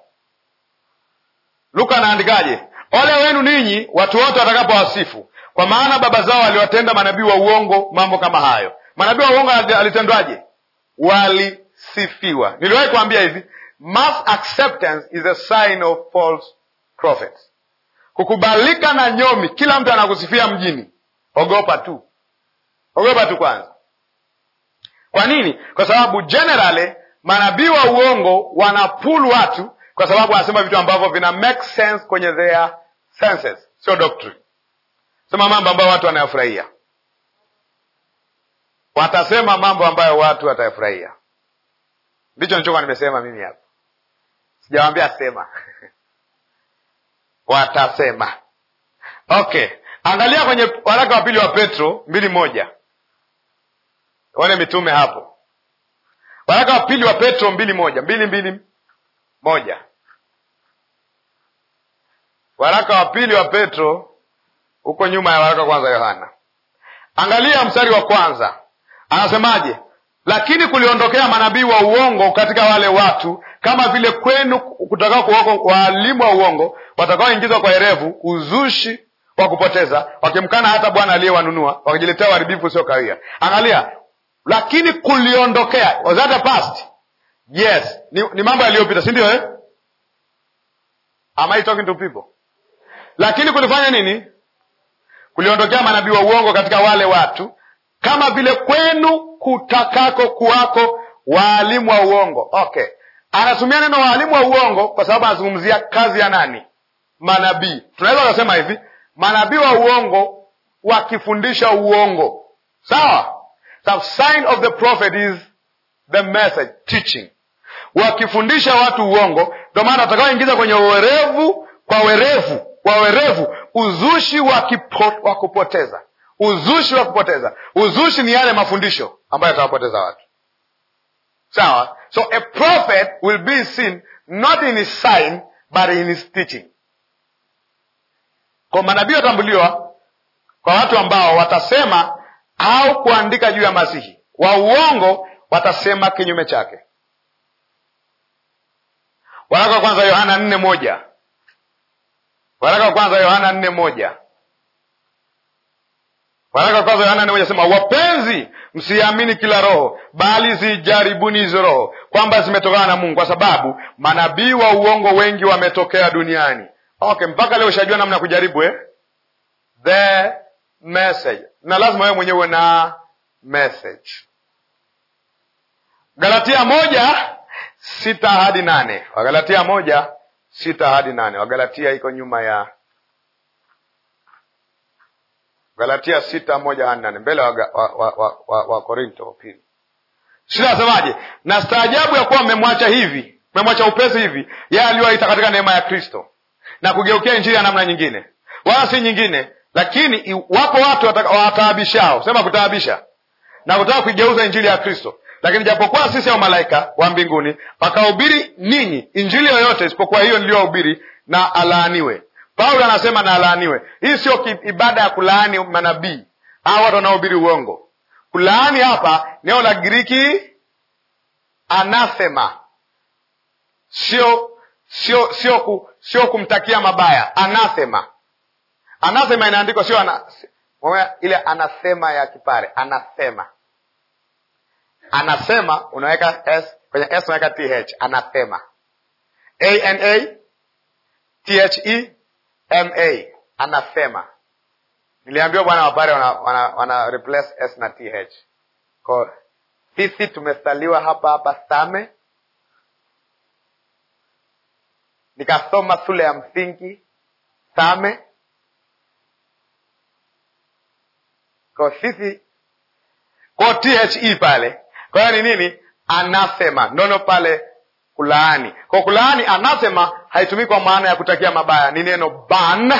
S1: Luka anaandikaje? Ole wenu ninyi watu wote watakapowasifu, kwa maana baba zao waliwatenda manabii wa uongo mambo kama hayo. Manabii wa uongo alitendwaje? Walisifiwa. Niliwahi kuambia hivi, mass acceptance is a sign of false prophets. Kukubalika na nyomi, kila mtu anakusifia mjini, ogopa tu ogopa tu kwanza. Kwa nini? Kwa sababu generally manabii wa uongo wanapul watu, kwa sababu wanasema vitu ambavyo vina make sense kwenye their senses, sio doctrine. Sema mambo ambayo watu wanayafurahia, watasema mambo ambayo watu watayafurahia. Ndicho nichokuwa nimesema mimi hapa, sijawambia sema (laughs) watasema. Okay, angalia kwenye waraka wa pili wa Petro mbili moja wale mitume hapo. Waraka wa pili wa Petro mbili moja mbili mbili moja waraka wa pili wa Petro huko nyuma ya waraka kwanza Yohana, angalia mstari wa kwanza anasemaje? Lakini kuliondokea manabii wa uongo katika wale watu, kama vile kwenu kutakao kuwako waalimu wa uongo, watakaoingizwa kwa herevu uzushi wa kupoteza, wakimkana hata Bwana aliyewanunua, wakijiletea uharibifu usio kawia. Angalia, lakini kuliondokea. Was that a past? Yes, ni, ni mambo yaliyopita, si ndio eh? Am I talking to people? Lakini kulifanya nini? Kuliondokea manabii wa uongo katika wale watu, kama vile kwenu kutakako kuwako waalimu wa uongo. Okay, anatumia neno waalimu wa uongo kwa sababu anazungumzia kazi ya nani? Manabii. Tunaweza ukasema hivi, manabii wa uongo wakifundisha uongo, sawa The sign of the prophet is the message, teaching. Wakifundisha watu uongo, ndio maana watakaoingiza kwenye uwerevu kwa werevu kwa werevu, uzushi wa kupoteza, uzushi wa kupoteza. Uzushi ni yale mafundisho ambayo atawapoteza watu, sawa? So a prophet will be seen not in his sign but in his teaching. Kwa manabii watambuliwa kwa watu ambao watasema au kuandika juu ya Masihi. Wa uongo watasema kinyume chake. Waraka wa kwanza Yohana nne moja. Waraka wa kwanza Yohana nne moja. Waraka wa kwanza Yohana nne moja sema, wapenzi, msiamini kila roho, bali zijaribuni hizo roho, kwamba zimetokana na Mungu, kwa sababu manabii wa uongo wengi wametokea duniani. Okay, mpaka leo ushajua namna ya kujaribu eh? The message, na lazima wewe mwenyewe na message. Galatia moja sita hadi nane Wagalatia moja sita hadi nane Wagalatia iko nyuma ya Galatia sita moja hadi nane mbele wa, wa, wa, wa, wa, Korinto wa pili. Shida asemaje? Na staajabu ya kuwa mmemwacha hivi, mmemwacha upesi hivi, yeye aliyoita katika neema ya Kristo na kugeukia injili ya namna nyingine, wala si nyingine, lakini wapo watu wataabishao, sema kutaabisha na kutaka kuigeuza injili ya Kristo. Lakini japokuwa sisi au malaika wa mbinguni pakahubiri ninyi injili yoyote isipokuwa hiyo niliyohubiri, na alaaniwe. Paulo anasema na alaaniwe. Hii sio ibada ya kulaani manabii au watu wanaohubiri uongo. Kulaani hapa neno la Giriki anathema, sio sio sio kumtakia mabaya, anathema Anasema inaandikwa sio ana, ile anasema ya Kipare, anasema anasema, unaweka s kwenye s unaweka th, anasema a n a t h e m a, anasema. Niliambiwa bwana Wapare wana, wana, wana replace s na th. Kwa sisi tumesaliwa hapa hapa Same, nikasoma shule ya msingi Same Kwa sisi kwa the pale, kwa hiyo ni nini? Anasema ndono pale kulaani. Kwa kulaani, anasema haitumii kwa maana ya kutakia mabaya, ni neno ban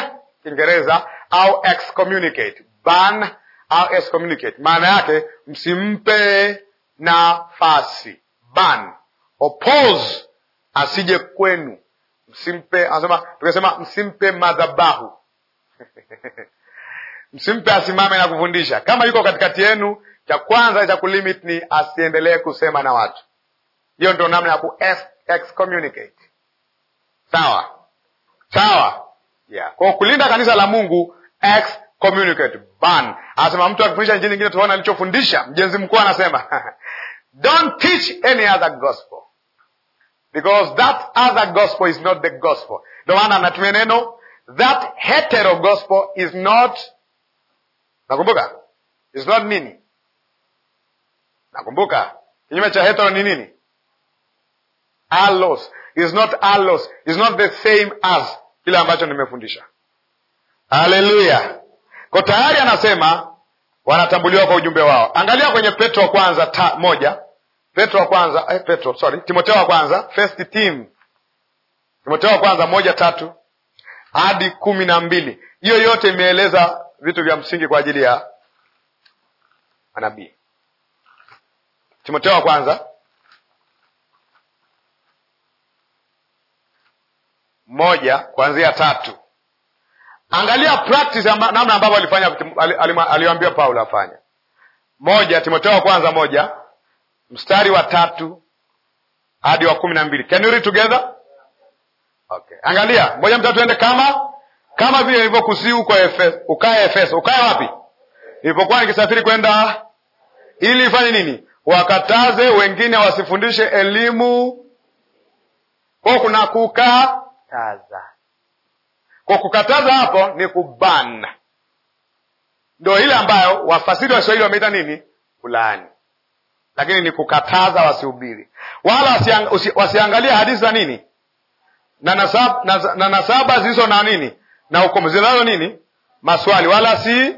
S1: Kiingereza au excommunicate. Ban au excommunicate, maana yake msimpe nafasi. Ban, oppose, asije kwenu. Msimpe, anasema tukasema msimpe madhabahu (laughs) Msimpe asimame na kufundisha. Kama yuko katikati yenu, cha kwanza cha kulimit ni asiendelee kusema na watu. Hiyo ndio namna ya ku excommunicate. Sawa sawa, yeah. Kwa kulinda kanisa la Mungu, excommunicate, ban. Anasema mtu akifundisha njini ingine tuona alichofundisha, mjenzi mkuu anasema (laughs) don't teach any other gospel because that other gospel is not the gospel. Ndio maana anatumia neno that hetero gospel is not Nakumbuka not nini? Nakumbuka kinyume cha hetero ni nini? Allos is not allos, is not the same as kile ambacho nimefundisha. Haleluya! Kwa tayari anasema wanatambuliwa kwa ujumbe wao. Angalia kwenye Petro wa kwanza ta, moja Petro wa kwanza eh, Petro sorry, Timoteo wa kwanza first team, Timoteo wa kwanza moja tatu hadi kumi na mbili. Hiyo yote imeeleza vitu vya msingi kwa ajili ya manabii. Timotheo wa kwanza moja kuanzia tatu. Angalia practice amba, namna ambavyo alifanya aliyoambiwa Paulo afanye. Moja, Timotheo wa kwanza moja mstari wa tatu hadi wa kumi na mbili. Can you read together? Okay. Angalia moja mtatu ende kama kama vile nilivyokusihi huko Efeso, ukae Efeso. Ukae wapi? Nilipokuwa nikisafiri kwenda, ili ifanye nini? Wakataze wengine wasifundishe elimu ko, kuna kukataza. Kwa kukataza hapo ni kubana, ndo ile ambayo wafasiri wa Kiswahili wameita nini? Kulaani, lakini ni kukataza wasihubiri, wala wasiangalia hadithi za nini na nasaba zilizo na nini na ukombozi nalo nini maswali, wala si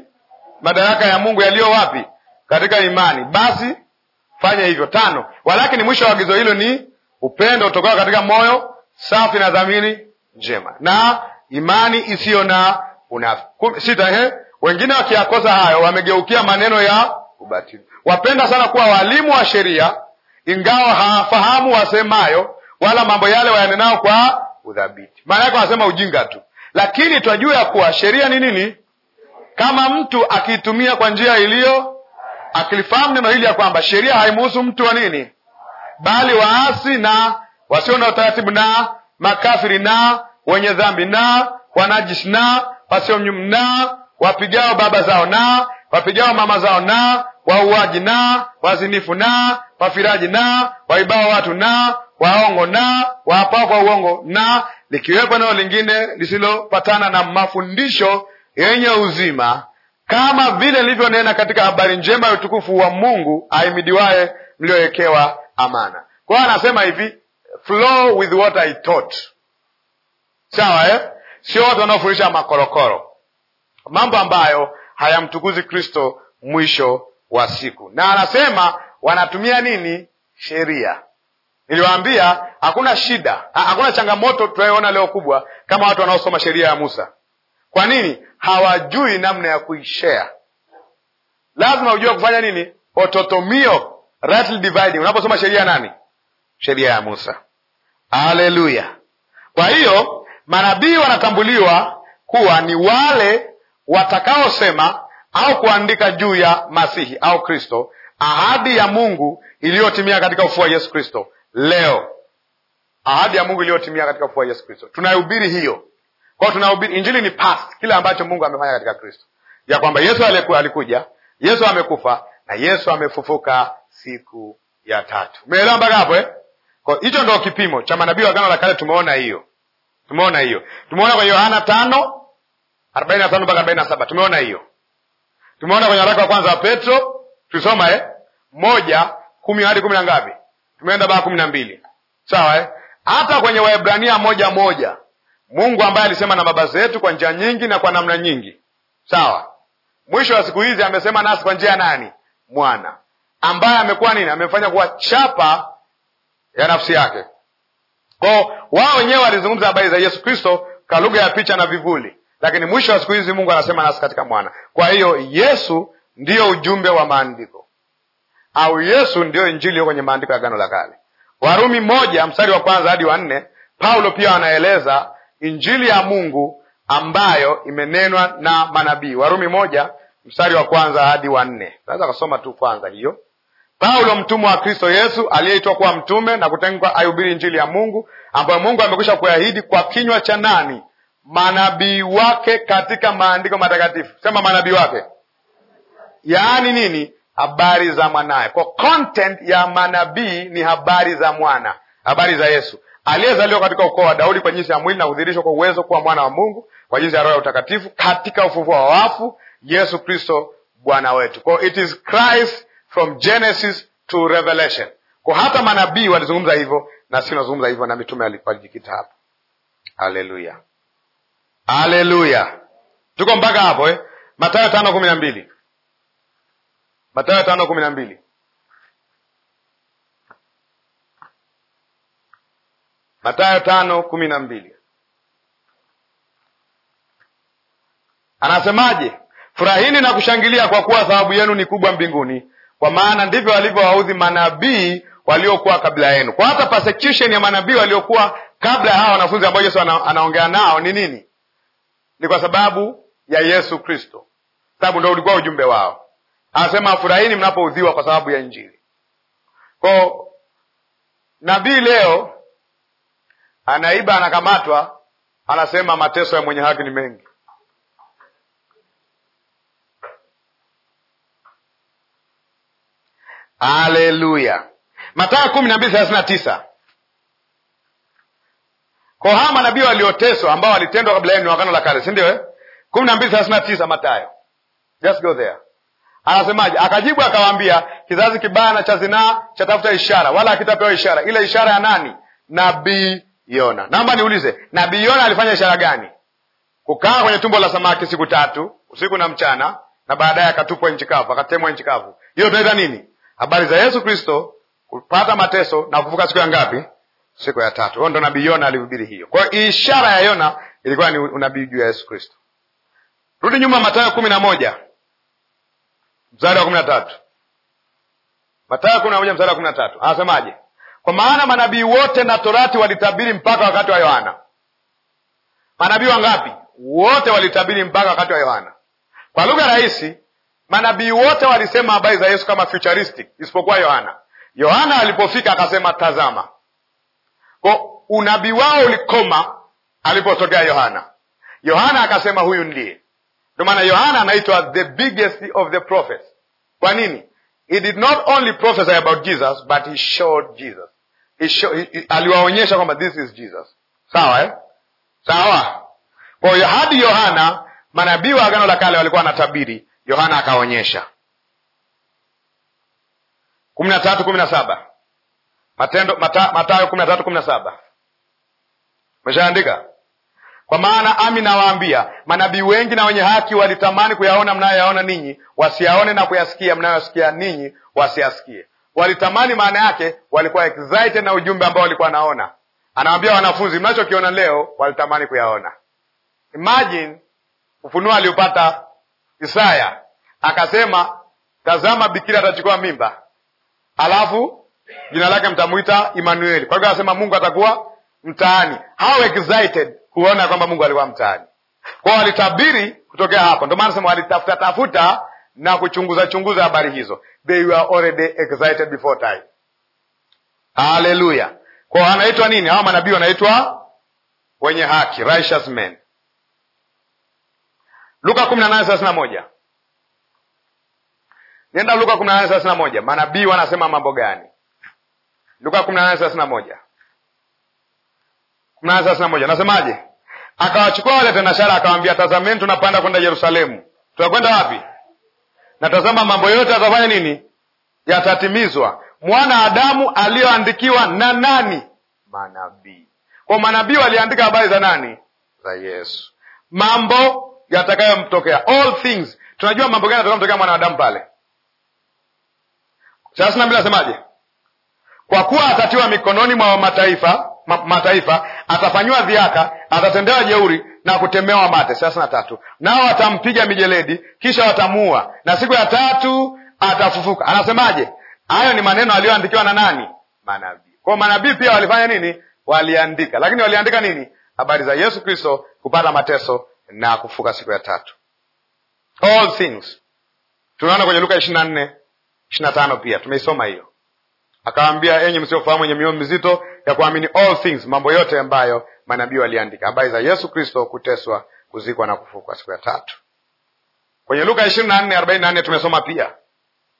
S1: madaraka ya Mungu yaliyo wapi katika imani, basi fanya hivyo. Tano, walakini mwisho wa agizo hilo ni upendo utokao katika moyo safi na dhamiri njema na imani isiyo na unafiki. Sita, eh? wengine wakiyakosa hayo wamegeukia maneno ya ubatili, wapenda sana kuwa walimu wa sheria, ingawa hawafahamu wasemayo, wala mambo yale wayanenao kwa udhabiti. Maana yake wanasema ujinga tu lakini twajua ya kuwa sheria ni nini kama mtu akiitumia kwa njia iliyo akilifahamu neno hili ya kwamba sheria haimuhusu mtu wa nini bali waasi na wasio na utaratibu na makafiri na wenye dhambi na wanajisi na wasiomnyumu na wapigao baba zao na wapigao mama zao na wauaji na wazinifu na wafiraji na waibao watu na waongo na waapao kwa uongo na likiwepo neno lingine lisilopatana na mafundisho yenye uzima, kama vile nilivyonena katika habari njema ya utukufu wa Mungu aimidiwaye, mliowekewa amana. Kwa hiyo anasema hivi, flow with what I taught. Sawa eh? Sio watu wanaofundisha makorokoro, mambo ambayo hayamtukuzi Kristo mwisho wa siku. Na anasema wanatumia nini? Sheria. Niliwaambia hakuna shida, hakuna changamoto tunayoona leo kubwa kama watu wanaosoma sheria ya Musa. Kwa nini? Hawajui namna ya kuishare. Lazima ujue kufanya nini, ototomio rightly dividing, unaposoma sheria nani, sheria ya Musa. Haleluya! Kwa hiyo manabii wanatambuliwa kuwa ni wale watakaosema au kuandika juu ya Masihi au Kristo, ahadi ya Mungu iliyotimia katika ufufuo wa Yesu Kristo leo, ahadi ya Mungu iliyotimia katika kufua Yesu Kristo. Tunaihubiri hiyo kwa tunahubiri injili ni past, kile ambacho Mungu amefanya katika Kristo, ya kwamba Yesu alikuja, Yesu amekufa na Yesu amefufuka siku ya tatu. Umeelewa mpaka hapo eh? hicho ndo kipimo cha manabii wa gano la Kale. Tumeona hiyo, tumeona hiyo, tumeona kwenye Yohana tano arobaini na tano mpaka arobaini na saba tumeona hiyo, tumeona kwenye waraka wa kwanza wa Petro tulisoma eh? moja kumi hadi kumi na ngapi tumeenda baa kumi na mbili sawa eh? hata kwenye Waebrania moja moja Mungu ambaye alisema na baba zetu kwa njia nyingi na kwa namna nyingi, sawa, mwisho wa siku hizi amesema nasi kwa njia nani? Mwana ambaye amekuwa nini, amefanya kuwa chapa ya nafsi yake. ko wao wenyewe walizungumza habari za Yesu Kristo ka lugha ya picha na vivuli, lakini mwisho wa siku hizi Mungu anasema nasi katika mwana. Kwa hiyo Yesu ndiyo ujumbe wa maandiko au Yesu ndiyo injili iyo kwenye maandiko ya gano la Kale. Warumi moja mstari wa kwanza hadi wa nne, Paulo pia anaeleza injili ya Mungu ambayo imenenwa na manabii. Warumi moja mstari wa kwanza hadi wa nne. Naweza kasoma tu kwanza hiyo. Paulo mtumwa wa Kristo Yesu aliyeitwa kuwa mtume na kutengwa aihubiri injili ya Mungu ambayo Mungu amekwisha kuahidi kwa kinywa cha nani? Manabii wake katika maandiko matakatifu. Sema manabii wake, yaani nini? habari za mwanaye. Kwa content ya manabii ni habari za mwana, habari za Yesu aliyezaliwa katika ukoo wa Daudi kwa jinsi ya mwili na kudhihirishwa kwa uwezo kuwa mwana wa Mungu kwa jinsi ya Roho ya utakatifu katika ufufuo wa wafu, Yesu Kristo Bwana wetu. Kwa it is Christ from Genesis to Revelation. Kwa hata manabii walizungumza hivyo na sisi tunazungumza hivyo na mitume walijikita hapo. Haleluya. Haleluya. Tuko mpaka hapo eh? Mathayo 5:12. Mathayo tano kumi na mbili Mathayo tano kumi na mbili anasemaje? Furahini na kushangilia, kwa kuwa thawabu yenu ni kubwa mbinguni, kwa maana ndivyo walivyowaudhi manabii waliokuwa kabla yenu. Kwa hata persecution ya manabii waliokuwa kabla ya hawa wanafunzi ambao Yesu ana, anaongea nao ni nini? Ni kwa sababu ya Yesu Kristo, sababu ndo ulikuwa ujumbe wao anasema furahini mnapoudhiwa kwa sababu ya Injili. Kwa nabii leo anaiba, anakamatwa, anasema mateso ya mwenye haki ni mengi. aleluya Mathayo kumi na mbili thelathini na tisa. Kwa hawa manabii walioteswa ambao walitendwa kabla yenu, ni Agano la Kale, si ndio? Eh? kumi na mbili thelathini na tisa Mathayo, just go there Anasemaje? Akajibu akawaambia, kizazi kibaya na cha zinaa chatafuta ishara, wala hakitapewa ishara ile. Ishara ya nani? Nabii Yona. Naomba niulize, nabii Yona alifanya ishara gani? Kukaa kwenye tumbo la samaki siku tatu usiku na mchana, na baadaye akatupwa nchi kavu, akatemwa nchi kavu. Hiyo tunaita nini? Habari za Yesu Kristo kupata mateso na kufufuka siku ya ngapi? Siku ya tatu. Huyo ndo nabii Yona alihubiri hiyo. Kwa hiyo ishara ya Yona ilikuwa ni unabii juu ya Yesu Kristo. Rudi nyuma, Mathayo kumi na moja mstari wa kumi na tatu Mathayo kumi na moja mstari wa kumi na tatu anasemaje? Kwa maana manabii wote na torati walitabiri mpaka wakati wa Yohana. Manabii wangapi? Wote walitabiri mpaka wakati wa Yohana. Kwa lugha rahisi, manabii wote walisema habari za Yesu kama futuristic, isipokuwa Yohana. Yohana alipofika akasema tazama. Kwa unabii wao ulikoma alipotokea Yohana. Yohana akasema huyu ndiye ndio maana Yohana anaitwa the biggest of the prophets. Kwa nini? He did not only prophesy about Jesus but he showed Jesus. He show, he, he, aliwaonyesha kwamba this is Jesus. Sawa eh? Sawa. Kwa hiyo hadi Yohana manabii wa Agano la Kale walikuwa wanatabiri, Yohana akaonyesha. kumi na tatu kumi na saba Matendo Matayo kumi na tatu kumi na saba kwa maana ami nawaambia, manabii wengi na wenye haki walitamani kuyaona mnayoyaona ninyi, wasiyaone, na kuyasikia mnayoyasikia ninyi, wasiyasikie. Walitamani maana yake walikuwa excited na ujumbe ambao walikuwa naona. anawambia wanafunzi, mnachokiona leo walitamani kuyaona. Imagine ufunuo aliopata Isaya, akasema, tazama, bikira atachukua mimba, alafu jina lake mtamwita Imanueli. Kwa hivyo anasema Mungu atakuwa mtaani. How excited kuona kwamba Mungu alikuwa mtani kwao, walitabiri kutokea hapo. Ndio maana sema walitafuta tafuta na kuchunguza chunguza habari hizo, they were already excited before time. Haleluya! Kwao anaitwa nini? Hawa manabii wanaitwa wenye haki, righteous men. Luka kumi na nane moja. Nenda Luka 18:31. manabii wanasema mambo gani? Luka kumi moja thelathini na moja nasemaje? Akawachukua wale tenashara akawaambia, tazameni, tunapanda kwenda Yerusalemu. Tunakwenda wapi? natazama mambo yote yatafanya nini? Yatatimizwa. Mwana Adamu aliyoandikiwa na nani? Manabii. Kwa manabii waliandika habari za nani? Za Yesu, mambo yatakayomtokea, all things. Tunajua mambo gani yatakayomtokea mwanadamu pale. Thelathini na mbili nasemaje? Kwa kuwa atatiwa mikononi mwa mataifa ma, mataifa, atafanyiwa dhiaka, atatendewa jeuri na kutemewa mate. thelathini na tatu, nao watampiga mijeledi, kisha watamuua, na siku ya tatu atafufuka. Anasemaje? Hayo ni maneno aliyoandikiwa na nani? Manabii. Kwao manabii pia walifanya nini? Waliandika, lakini waliandika nini? Habari za Yesu Kristo kupata mateso na kufuka siku ya tatu. All things tunaona kwenye Luka ishirini na nne ishirini na tano pia tumeisoma hiyo. Akawambia, enyi msiofahamu wenye mioyo mizito, ya kuamini all things, mambo yote ambayo manabii waliandika, habari za Yesu Kristo kuteswa, kuzikwa na kufufuka siku ya tatu. Kwenye Luka ishirini tumesoma pia,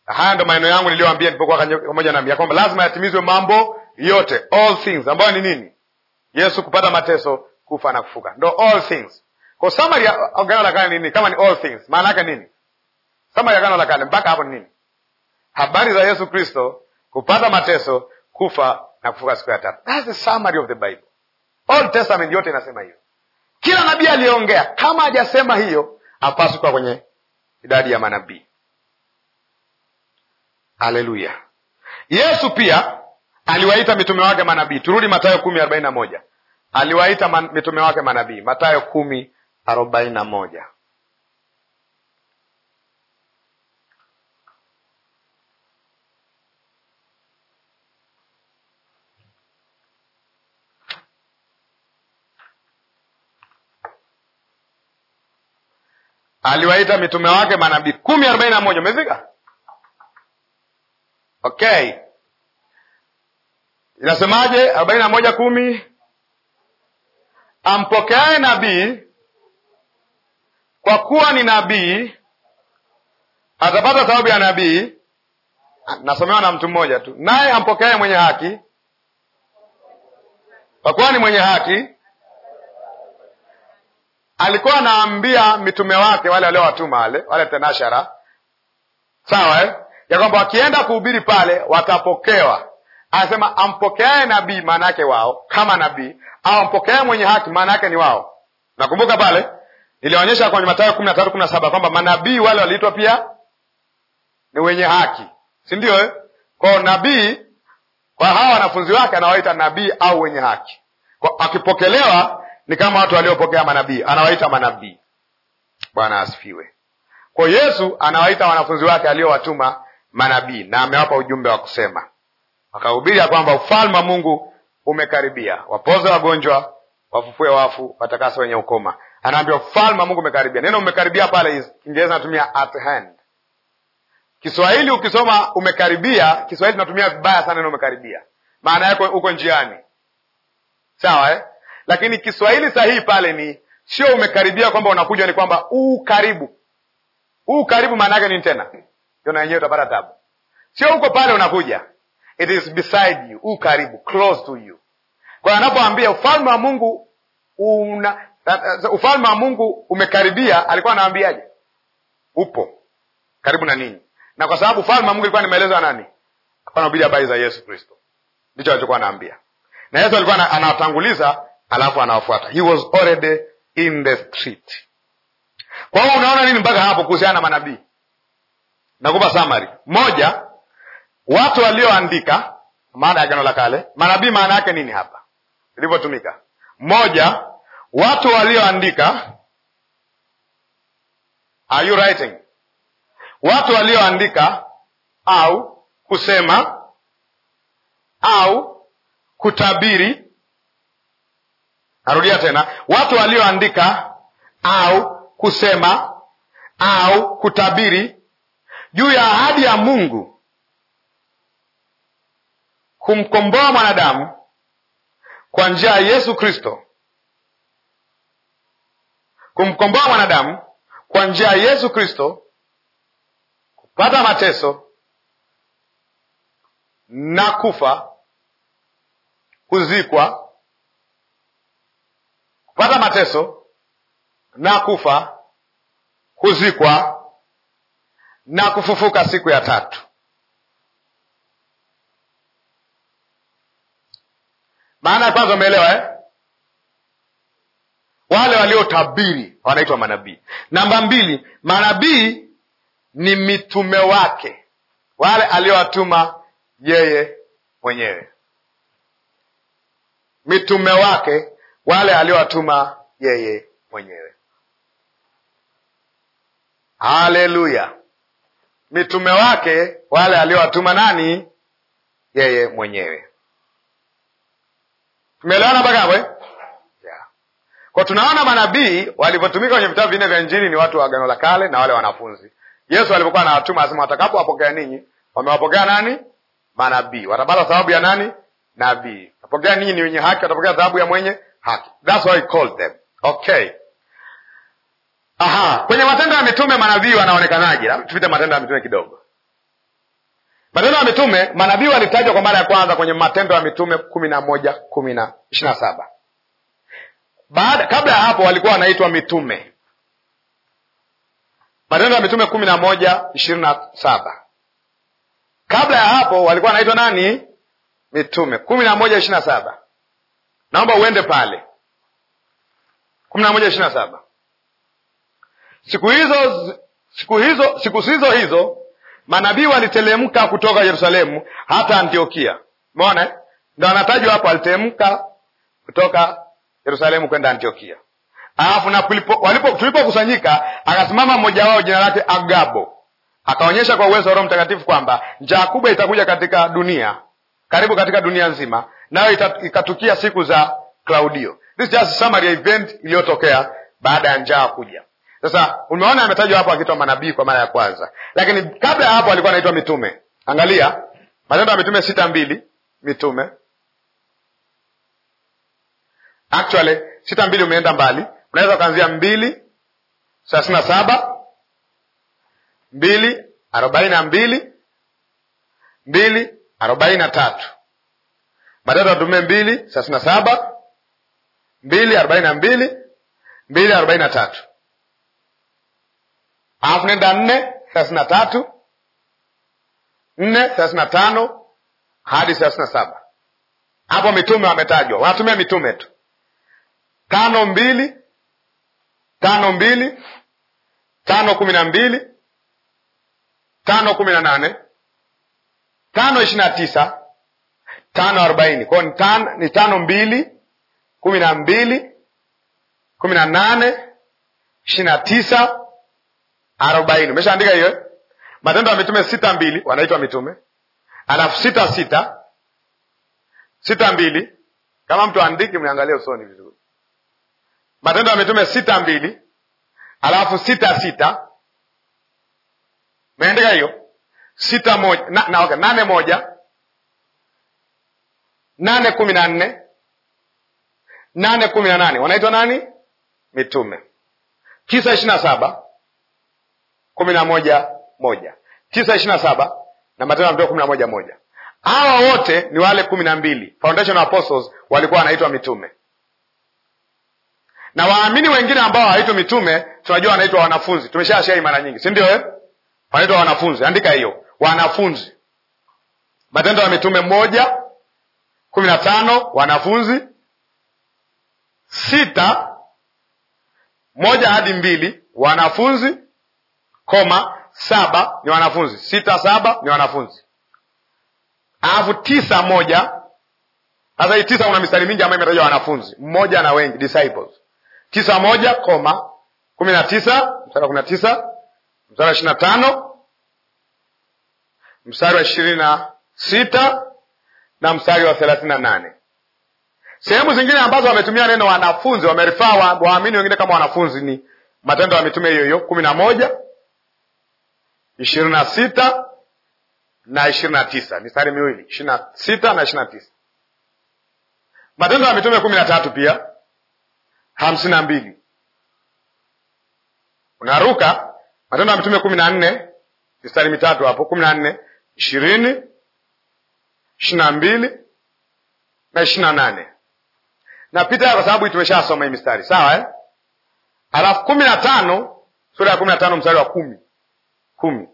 S1: haya ndo maneno yangu niliyoambia nilipokuwa pamoja nami, ya kwamba lazima yatimizwe mambo yote, all things, ambayo ni nini? Yesu kupata mateso, kufa na kufuka, ndo all things. Kwa summary ya Agano la Kale nini? Kama ni all things, maana yake nini? Summary ya Agano la Kale mpaka hapo ni nini? Habari za Yesu Kristo kupata mateso, kufa na kufuka siku ya tatu. That's the summary of the Bible. Old Testament yote inasema hiyo. Kila nabii aliyeongea kama hajasema hiyo hapaswi kuwa kwenye idadi ya manabii. Haleluya. Yesu pia aliwaita mitume wake manabii. Turudi Mathayo kumi arobaini na moja. Aliwaita man, mitume wake manabii. Mathayo kumi arobaini na moja. aliwaita mitume wake manabii kumi arobaini na moja umefika? Okay, inasemaje? arobaini na moja kumi ampokeaye nabii kwa kuwa ni nabii atapata sababu ya nabii. Ah, nasomewa na mtu mmoja tu. Naye ampokeaye mwenye haki kwa kuwa ni mwenye haki alikuwa anaambia mitume wake wale waliowatuma wale wale tenashara, sawa eh? ya kwamba wakienda kuhubiri pale watapokewa. Anasema ampokeaye nabii maana yake wao kama nabii, au ampokeaye mwenye haki maana yake ni wao. Nakumbuka pale ilionyesha kwenye Mathayo kumi na tatu kumi na saba kwamba manabii wale waliitwa pia ni wenye haki, si ndio eh? Kwa nabii kwa hawa wanafunzi wake anawaita nabii au wenye haki kwa, akipokelewa ni kama watu waliopokea manabii, anawaita manabii. Bwana asifiwe. Kwa Yesu anawaita wanafunzi wake aliowatuma manabii, na amewapa ujumbe wa kusema, wakahubiri ya kwamba ufalme wa Mungu umekaribia, wapoze wagonjwa, wafufue wafu, watakase wenye ukoma. Anaambia ufalme wa Mungu umekaribia. Neno umekaribia pale Kiingereza natumia at hand. Kiswahili ukisoma umekaribia, Kiswahili tunatumia vibaya sana neno umekaribia, maana yake uko njiani, sawa eh? lakini Kiswahili sahihi pale ni sio umekaribia kwamba unakuja, ni kwamba uu karibu, uu karibu, maana yake nini tena ndio, na wenyewe utapata tabu. Sio uko pale unakuja, it is beside you, uu karibu, close to you. Kwa anapoambia ufalme wa Mungu una ufalme wa Mungu umekaribia, alikuwa anawambiaje? Upo karibu na ninyi, na kwa sababu ufalme wa Mungu ilikuwa ni nani? Alikuwa anahubiri habari za Yesu Kristo, ndicho alichokuwa anaambia, na Yesu alikuwa anawatanguliza alafu anawafuata. He was already in the street. Kwa hiyo unaona nini mpaka hapo kuhusiana na manabii? Nakupa summary moja, watu walioandika maana ya Agano la Kale. Manabii maana yake nini hapa ilivyotumika? Moja, watu walioandika. Are you writing? Watu walioandika au kusema au kutabiri Narudia tena, watu walioandika au kusema au kutabiri juu ya ahadi ya Mungu kumkomboa mwanadamu kwa njia ya Yesu Kristo, kumkomboa mwanadamu kwa njia ya Yesu Kristo kupata mateso na kufa, kuzikwa kupata mateso na kufa, kuzikwa na kufufuka siku ya tatu. Maana ya kwanza umeelewa eh? Wale waliotabiri wanaitwa manabii. Namba mbili, manabii ni mitume wake, wale aliowatuma yeye mwenyewe, mitume wake wale aliowatuma yeye mwenyewe. Haleluya! mitume wake wale aliowatuma nani? Yeye mwenyewe. Tumeelewana mpaka hapo eh? Yeah. Kwa tunaona manabii walivyotumika kwenye vitabu vinne vya Injili ni watu wa Agano la Kale na wale wanafunzi. Yesu alipokuwa anawatuma asema, watakapowapokea ninyi, wamewapokea nani? Manabii watapata thawabu ya nani? Nabii. Wapokea ninyi ni wenye haki, watapokea thawabu ya mwenye haki. That's why he called them. Okay. Aha, kwenye matendo ya mitume manabii wanaonekanaje? Tupite matendo ya mitume kidogo. Matendo ya mitume manabii walitajwa kwa mara ya kwanza kwenye matendo ya mitume kumi na moja kumi na ishirini na saba. Baada, kabla ya hapo walikuwa wanaitwa mitume. Matendo ya mitume kumi na moja ishirini na saba. Kabla ya hapo walikuwa wanaitwa nani? Mitume kumi na moja ishirini na saba naomba uende pale. kumi na moja ishirini na saba siku hizo siku hizo siku hizo hizo manabii walitelemka kutoka Yerusalemu hata Antiokia. Umeona, eh? ndo anatajwa hapo, alitelemka kutoka Yerusalemu kwenda Antiokia. Alafu na tulipokusanyika, akasimama mmoja wao, jina lake Agabo, akaonyesha kwa uwezo wa Roho Mtakatifu kwamba njaa kubwa itakuja katika dunia karibu katika dunia nzima, nayo ikatukia siku za Claudio. This is just summary event iliyotokea baada ya njaa kuja. Sasa umeona ametajwa hapo akitwa manabii kwa mara ya kwanza, lakini kabla ya hapo alikuwa anaitwa mitume. Angalia Matendo ya Mitume sita mbili mitume actually sita mbili umeenda mbali, unaweza ukaanzia mbili thelathini na saba mbili arobaini na mbili mbili arobaini na tatu Matendo ya Mitume mbili thelathini na saba mbili arobaini na mbili mbili arobaini na tatu alafu nenda nne thelathini na tatu nne thelathini na tano hadi thelathini na saba Hapo mitume wametajwa, wanatumia mitume tu. tano mbili tano mbili tano kumi na mbili tano kumi na nane tano ishirini na tisa tano arobaini kwao ni tano, ni tano mbili kumi na mbili kumi na nane ishirini na tisa arobaini umeshaandika hiyo Matendo ya Mitume sita mbili wanaitwa mitume, alafu sita sita sita mbili Kama mtu andiki, mniangalie usoni vizuri. Matendo ya Mitume sita mbili alafu sita sita meandika hiyo sita moja na, na, okay, nane moja nane kumi na nne nane kumi na nane wanaitwa nani? Mitume. tisa ishirini na saba kumi na moja moja tisa ishirini na saba na Matendo ya Mitume kumi na moja moja Hawa wote ni wale kumi na mbili foundation apostles walikuwa wanaitwa mitume, na waamini wengine ambao hawaitwi mitume tunajua wanaitwa wanafunzi. hii mara nyingi, si ndio eh? Wanaitwa wanafunzi, andika hiyo wanafunzi. Matendo ya Mitume moja kumi na tano wanafunzi sita moja hadi mbili wanafunzi koma saba ni wanafunzi sita saba ni wanafunzi, alafu tisa moja. Sasa hii tisa kuna mistari mingi ambayo imetaja wanafunzi mmoja na wengi disciples, tisa moja koma kumi na tisa msara kumi na tisa msara wa ishirini na tano mstari wa ishirini na sita na mstari wa thelathini na nane sehemu zingine ambazo wametumia neno wanafunzi wamerifaa waamini wengine kama wanafunzi ni Matendo ya Mitume hiyo hiyo kumi na moja ishirini na sita na ishirini na tisa mistari miwili ishirini na sita na ishirini na tisa Matendo ya Mitume kumi na tatu pia hamsini na mbili unaruka Matendo ya Mitume kumi na nne mistari mitatu hapo kumi na nne ishirini ishirini na mbili na ishirini na nane napita kwa sababu tumeshasoma hii mistari sawa eh? Alafu kumi na tano sura ya kumi na tano mstari wa kumi kumi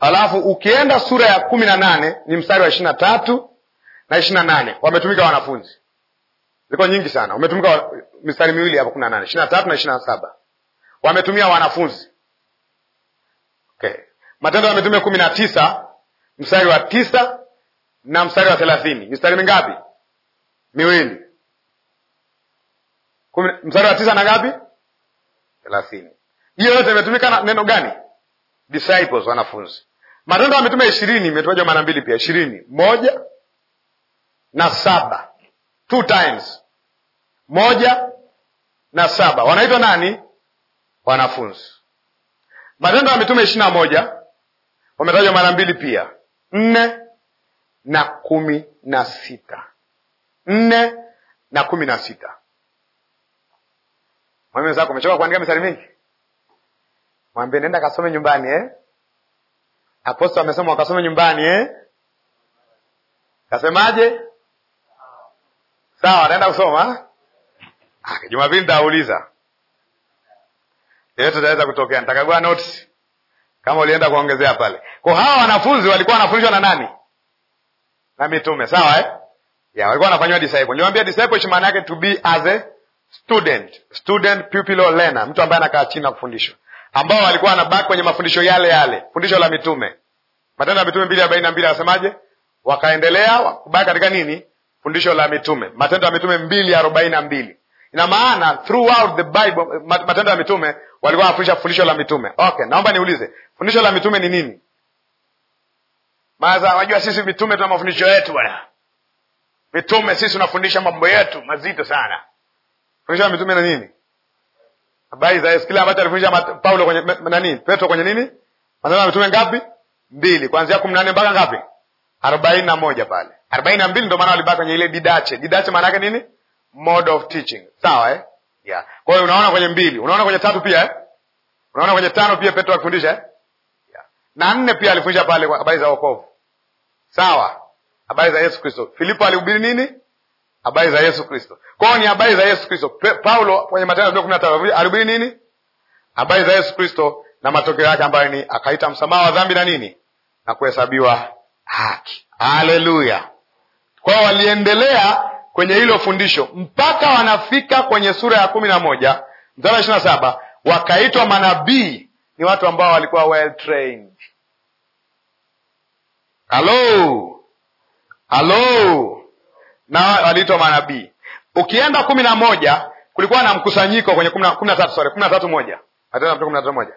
S1: alafu ukienda sura ya kumi na nane ni mstari wa ishirini na tatu na ishirini na nane wametumika wanafunzi ziko nyingi sana, umetumika mistari miwili hapo kumi na nane ishirini na tatu na ishirini na saba wametumia wanafunzi okay. Matendo ya Mitume kumi na tisa mstari wa tisa na mstari wa thelathini mistari mingapi? Miwili. Mstari wa tisa na ngapi? Thelathini. Hiyo yote imetumika na neno gani? Disciples, wanafunzi. Matendo ya Mitume ishirini imetumajwa mara mbili pia, ishirini moja na saba two times, moja na saba. Wanaitwa nani? Wanafunzi. Matendo ya Mitume ishirini na moja wametajwa mara mbili pia, nne na kumi na sita nne na kumi na sita Mwambie mwenzako umechoka kuandika mistari mingi, mwambie nenda kasome nyumbani eh? Apostol amesoma wakasome nyumbani eh? Kasemaje? Sawa, naenda kusoma ah, Jumapili. Nitawauliza yeyote, tutaweza kutokea. Nitakagua notes kama ulienda kuongezea pale. ko. hawa wanafunzi walikuwa wanafundishwa na nani? Na mitume, sawa eh? Ya, walikuwa wanafanywa disciple. Niwaambia disciple maana yake to be as a student, student pupil or learner, mtu ambaye anakaa chini na kufundishwa, ambao walikuwa wanabaki kwenye mafundisho yale yale, fundisho la mitume. Matendo ya Mitume mbili arobaini na mbili anasemaje? Wakaendelea kubaki katika nini? Fundisho la mitume. Matendo ya Mitume mbili arobaini na mbili. Ina maana throughout the Bible, eh, Matendo ya Mitume walikuwa wanafundisha fundisho la mitume. Okay, naomba niulize, fundisho la mitume ni nini? Maza, wajua sisi mitume tuna mafundisho yetu bwana. Mitume sisi tunafundisha mambo yetu mazito sana. Fundisho la mitume ni nini? Habari za Yesu, kile ambacho alifundisha Paulo kwenye nani? Petro kwenye nini? Matendo ya Mitume ngapi? Mbili, kuanzia kumi na nne mpaka ngapi? arobaini na moja pale. arobaini na mbili ndio maana walibaki kwenye ile didache. Didache maana yake nini? mode of teaching, sawa eh? yeah. Kwa hiyo unaona kwenye mbili, unaona kwenye tatu pia eh? unaona kwenye tano pia Petro akifundisha eh? yeah. na nne pia alifundisha pale habari za wokovu, sawa, habari za Yesu Kristo. Filipo alihubiri nini? Habari za Yesu Kristo. Kwa ni habari za Yesu Kristo. Paulo kwenye Mathayo kumi na tatu alihubiri nini? Habari za Yesu Kristo na matokeo yake ambayo ni akaita msamaha wa dhambi na nini na kuhesabiwa haki. Haleluya! Kwao waliendelea kwenye hilo fundisho mpaka wanafika kwenye sura ya kumi na moja mstari ishirini na saba wakaitwa manabii. Ni watu ambao walikuwa well trained. Halo, halo, na waliitwa manabii. Ukienda kumi na moja kulikuwa na mkusanyiko kwenye kumi na tatu sorry, kumi na tatu moja Matendo kumi na tatu moja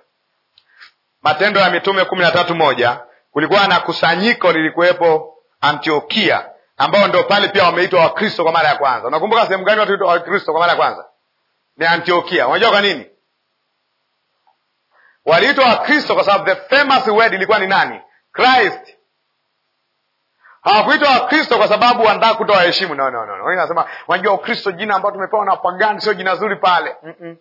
S1: Matendo ya Mitume kumi na tatu moja kulikuwa na kusanyiko lilikuwepo Antiokia ambao ndo pale pia wameitwa Wakristo kwa mara ya kwanza. Unakumbuka sehemu gani watu wa Kristo kwa mara ya kwanza? Ni Antiokia. Unajua kwa nini waliitwa Wakristo? Kwa sababu the famous word ilikuwa ni nani? Christ. Hawakuitwa Wakristo kwa sababu wanataka kutowaheshimu. No, no, no. Nasema wanajua Ukristo, jina ambao tumepewa na wapagani, sio jina zuri pale. mm -mm.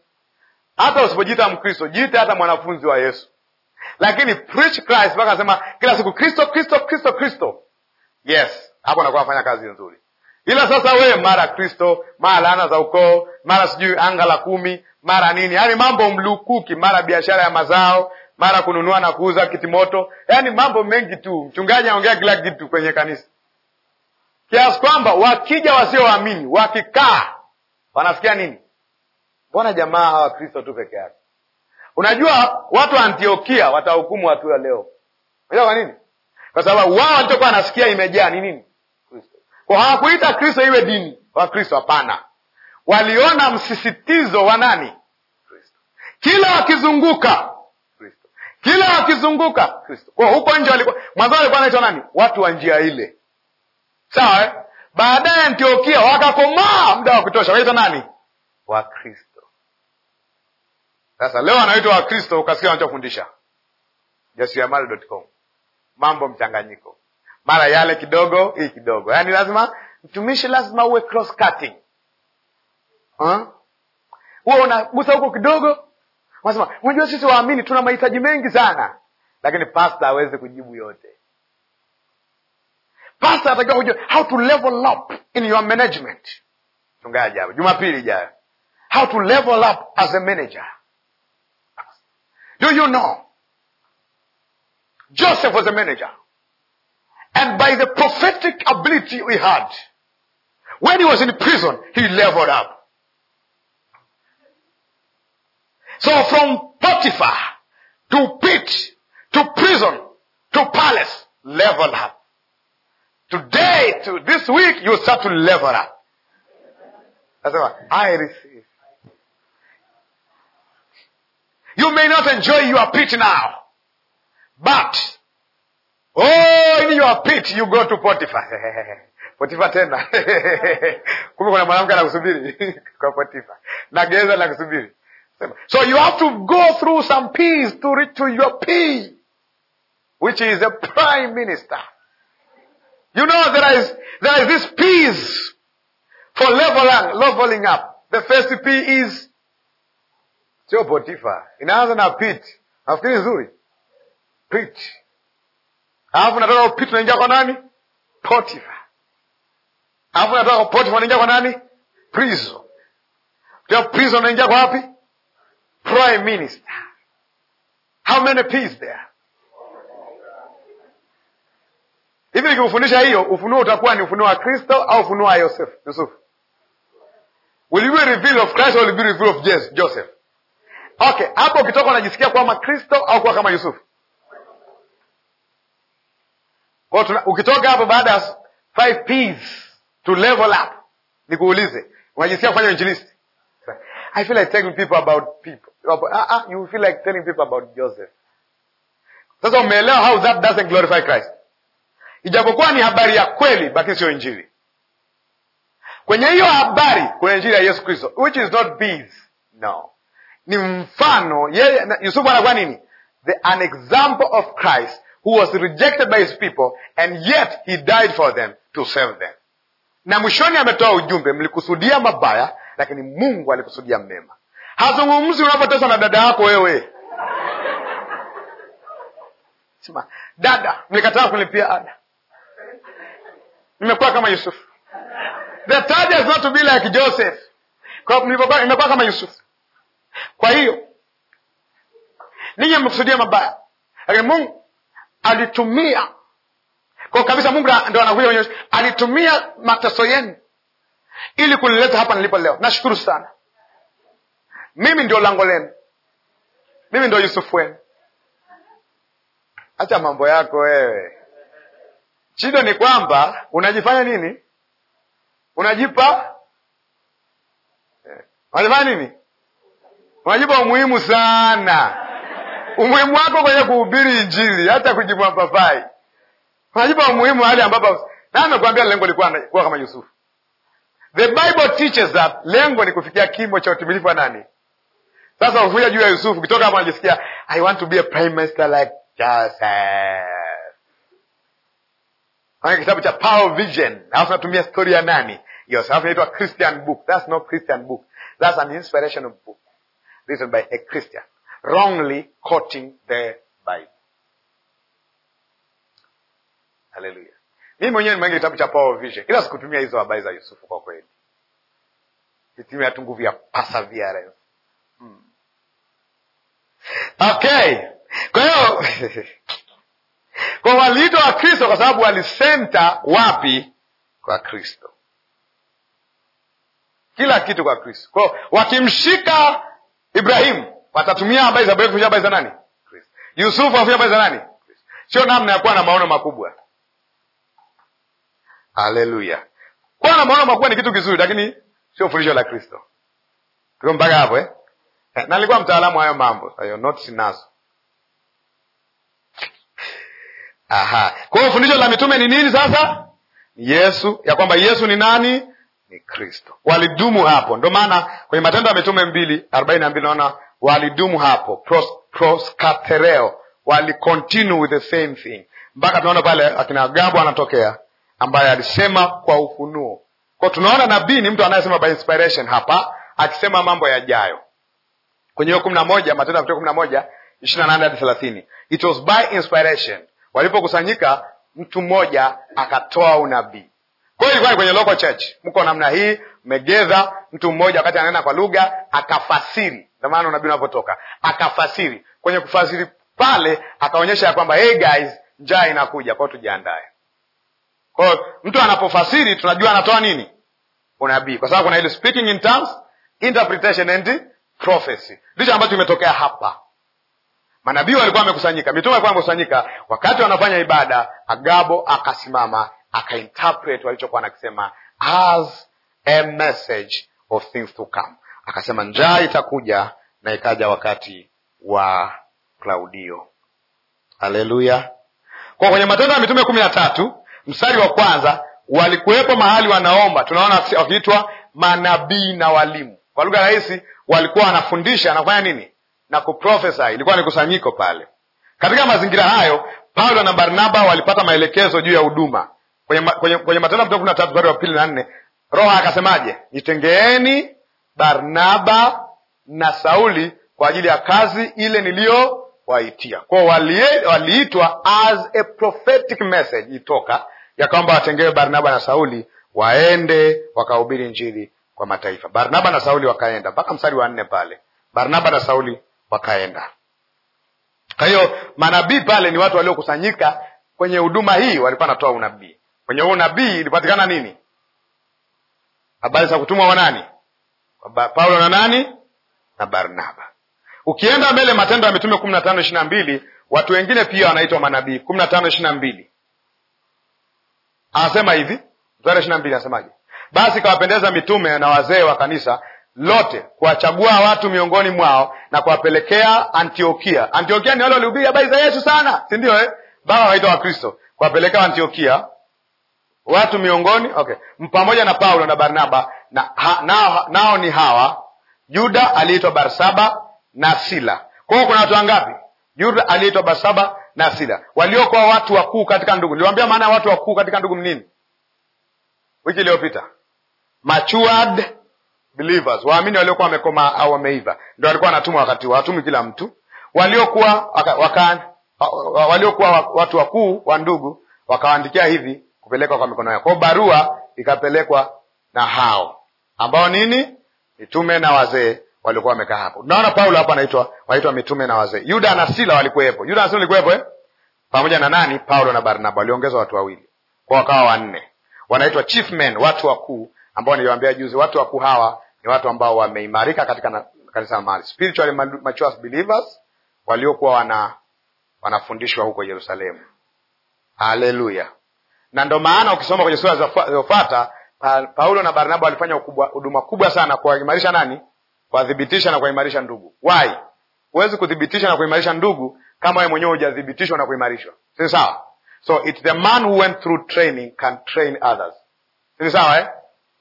S1: Hata usipojiita Mkristo, jiite hata mwanafunzi wa Yesu, lakini preach Christ. Mpaka anasema kila siku Kristo, Kristo, Kristo, Kristo. Yes, hapo anakuwa anafanya kazi nzuri. Ila sasa we mara Kristo, mara laana za ukoo, mara sijui anga la kumi, mara nini, yaani mambo mlukuki, mara biashara ya mazao, mara kununua na kuuza kitimoto, yaani mambo mengi tu. Mchungaji aongea kila kitu kwenye kanisa, kiasi kwamba wakija wasioamini wakikaa wanasikia nini? Mbona jamaa hawa Kristo tu peke yake? Unajua watu wa Antiokia watahukumu watu wa leo. Unajua kwa nini? Kwa sababu wao walichokuwa wanasikia imejaa ni nini? Hawakuita Kristo iwe dini wa Kristo, hapana. Waliona msisitizo wa nani? Kristo. Kila wakizunguka Kristo, kila wakizunguka Kristo. Kwa huko nje walikuwa mwanzo walikuwa wanaitwa nani? Watu wa njia ile, sawa eh? Baadaye Antiokia wakakomaa muda wa kutosha, wanaitwa nani? Wakristo. Sasa leo wanaitwa Wakristo, ukasikia wanachofundisha. Jasiriamali.com, mambo mchanganyiko mara yale kidogo, hii kidogo, yaani lazima mtumishi, lazima uwe cross cutting huwe huh? Unagusa huko kidogo, unasema unajua, sisi waamini tuna mahitaji mengi sana, lakini pasta aweze kujibu yote. Pasta atakiwa kujua how to level up in your management. Mchungaji hapa Jumapili ijayo, how to level up as a manager. Do you know Joseph was a manager And by the prophetic ability we had, when he was in prison, he leveled up. So from Potiphar to pit to prison to palace, level up. Today to this week, you start to level up. That's what I receive. You may not enjoy your pit now, but oh, in your pit you go to Potiphar. (laughs) Potiphar tena (laughs) kumbe kuna mwanamke anakusubiri (laughs) kwa Potiphar na gereza linakusubiri. So you have to go through some peas to reach to your P which is a prime minister. You know there is there is this peas for leveling, leveling up. The first P is sio Potifa, inaanza na pit. Nafikiri nzuri pit alafu nataka upite naingia kwa nani? Potifa. Alafu nataka Potifa naingia kwa nani? Prizo. Tena prizo naingia kwa wapi? Prime Minister. How many peas there? Hivi nikikufundisha hiyo ufunuo utakuwa ni ufunuo wa Kristo au ufunuo wa Yosef, Yusufu? Will you be reveal of Christ or will you be reveal of Joseph? Okay, hapo ukitoka unajisikia kuwa Kristo au kuwa kama Yusufu? Kwa ukitoka hapo baada ya five P's to level up, nikuulize unajisikia kufanya injilisti? I feel like telling people about people. Ah, ah, you feel like telling people about Joseph. Sasa umeelewa how that doesn't glorify Christ. Ijapokuwa ni habari ya kweli, lakini sio injili. Kwenye hiyo habari kuna injili ya Yesu Kristo, which is not bees. No, ni mfano. Yeye Yusufu anakuwa nini? The an example of Christ who was rejected by his people and yet he died for them to save them. Na mwishoni ametoa ujumbe, mlikusudia mabaya, lakini Mungu alikusudia mema. Hazungumzi unapoteswa na dada yako wewe. Sema, dada, mlikataa kulipia ada, nimekuwa kama Yusuf. The third is not to be like Joseph. Kwa nimekuwa kama Yusuf. Kwa hiyo ninyi mkusudia mabaya, lakini Mungu alitumia kwa kabisa. Mungu ndo anakuja kwenye, alitumia mateso yenu ili kunileta hapa nilipo leo. Nashukuru sana, mimi ndio lango lenu, mimi ndio Yusufu wenu. Acha mambo yako wewe. Shida ni kwamba unajifanya nini? Unajipa eh, unajifanya nini? Unajipa umuhimu sana umuhimu wako kwenye kuhubiri Injili, hata kujibu mapapai. unajipa umuhimu hali ambapo, na amekwambia lengo lilikuwa kuwa kama Yusufu. The Bible teaches that lengo ni kufikia kimo cha utimilifu wa nani? Sasa ufuja juu ya Yusufu, kitoka hapo anajisikia I want to be a prime minister like Joseph. Hapo kitabu cha Power Vision, alafu tunatumia story ya nani? Yosefu. Inaitwa Christian book. That's not Christian book. That's an inspirational book written by a Christian wrongly quoting the Bible. Haleluya! Mimi mwenyewe nimeangia kitabu cha Power Vision, ila sikutumia hizo habari za Yusufu kwa kweli, nitumia tu nguvu ya perseverance. Hmm. Okay, kwa hiyo (laughs) kwa waliitwa wa Kristo kwa sababu walisenta wapi? Kwa Kristo, kila kitu kwa Kristo. Kwao wakimshika Ibrahimu watatumia habari za Abrahamu kujua habari za nani? Yusufu afia habari za nani? Sio namna ya kuwa na maono makubwa. Haleluya. Kuwa na maono makubwa ni kitu kizuri, lakini sio fundisho la Kristo. Tuko mpaka hapo eh? eh na nilikuwa mtaalamu hayo mambo hayo, not sinazo. Aha. Kwa hiyo fundisho la mitume ni nini sasa? Yesu, ya kwamba Yesu ni nani? Ni Kristo. Walidumu hapo. Ndio maana kwenye Matendo ya Mitume mbili arobaini na mbili naona walidumu hapo proskatereo walicontinue with the same thing mpaka tunaona pale akina Gabo anatokea ambaye alisema kwa ufunuo. Kwa tunaona nabii ni mtu anayesema by inspiration hapa akisema mambo yajayo kwenye hiyo kumi na moja Matendo ya Mitume kumi na moja ishirini na nane hadi thelathini It was by inspiration, walipokusanyika mtu mmoja akatoa unabii. Kwa hiyo ilikuwa ni kwenye local church, mko namna hii, megedha, mtu mmoja wakati anaenda kwa lugha akafasiri. Ndio maana unabii unapotoka akafasiri, kwenye kufasiri pale akaonyesha ya kwamba hey guys, njaa inakuja, kwao tujiandae. Kwa hiyo mtu anapofasiri tunajua anatoa nini, unabii, kwa sababu kuna ile speaking in tongues, interpretation and prophecy, ndicho ambacho kimetokea hapa. Manabii walikuwa wamekusanyika, mitume walikuwa wamekusanyika, wakati wanafanya ibada, Agabo akasimama akainterpret walichokuwa as a message of things to come. Akasema njaa itakuja na ikaja wakati wa Klaudio. Haleluya! Kwa kwenye Matendo ya Mitume kumi na tatu mstari wa kwanza walikuwepo mahali wanaomba, tunaona wakiitwa manabii na walimu. Kwa lugha rahisi, walikuwa wanafundisha na kufanya nini na kuprofesai. Ilikuwa ni kusanyiko pale. Katika mazingira hayo, Paulo na Barnaba walipata maelekezo juu ya huduma kwenye, kwenye, kwenye Matendo mtakatifu na tatu mstari wa pili na nne Roho akasemaje? Nitengeeni Barnaba na Sauli kwa ajili ya kazi ile niliyowaitia. Kwao waliitwa as a prophetic message itoka ya kwamba watengewe Barnaba na Sauli waende wakahubiri njiri kwa mataifa. Barnaba na Sauli wakaenda mpaka mstari wa nne pale, Barnaba na Sauli wakaenda. Kwa hiyo manabii pale ni watu waliokusanyika kwenye huduma hii, walikuwa wanatoa unabii kwenye huo nabii ilipatikana nini? Habari za kutumwa wa nani? Paulo na nani na Barnaba. Ukienda mbele Matendo ya Mitume kumi na tano ishirini na mbili watu wengine pia wanaitwa manabii. kumi na tano ishirini na mbili anasema hivi, mstari ishirini na mbili anasemaje? Basi ikawapendeza mitume na wazee wa kanisa lote kuwachagua watu miongoni mwao na kuwapelekea Antiokia. Antiokia ni wale walihubiri habari za Yesu sana, si ndio eh? Baba waita Wakristo, kuwapelekea Antiokia watu miongoni okay, pamoja na Paulo na Barnaba na, ha, nao, nao ni hawa Yuda aliitwa Barsaba na Sila. kwao kuna watu wangapi? Yuda aliitwa Barsaba na Sila, waliokuwa watu wakuu katika ndugu. Niliwaambia maana ya watu wakuu katika ndugu mnini wiki iliyopita, matured believers, waamini waliokuwa wamekoma au wameiva, ndo walikuwa wanatumwa wakati wa watumi kila mtu, waliokuwa waka, waka, waliokuwa watu wakuu wa ndugu wakawaandikia hivi kupelekwa kwa mikono yao. Kwa barua ikapelekwa na hao ambao nini, mitume na wazee walikuwa wamekaa hapo. Unaona Paulo hapa anaitwa anaitwa mitume na wazee. Yuda na Sila walikuwepo. Yuda na Sila walikuwepo eh? Pamoja na nani? Paulo na Barnaba. Waliongeza watu wawili. Kwa wakawa wanne. Wanaitwa chief men, watu wakuu ambao niliwaambia juzi, watu wakuu hawa ni watu ambao wameimarika katika kanisa la mahali. Spiritually mature believers waliokuwa wana wanafundishwa huko Yerusalemu. Haleluya na ndo maana ukisoma kwenye sura zilizofuata Paulo na Barnaba walifanya ukubwa huduma kubwa sana kuwaimarisha nani, kuwathibitisha na kuwaimarisha ndugu. Why? huwezi kuthibitisha na kuimarisha ndugu kama wewe mwenyewe hujathibitishwa na kuimarishwa, si sawa? So it's the man who went through training can train others, si sawa eh?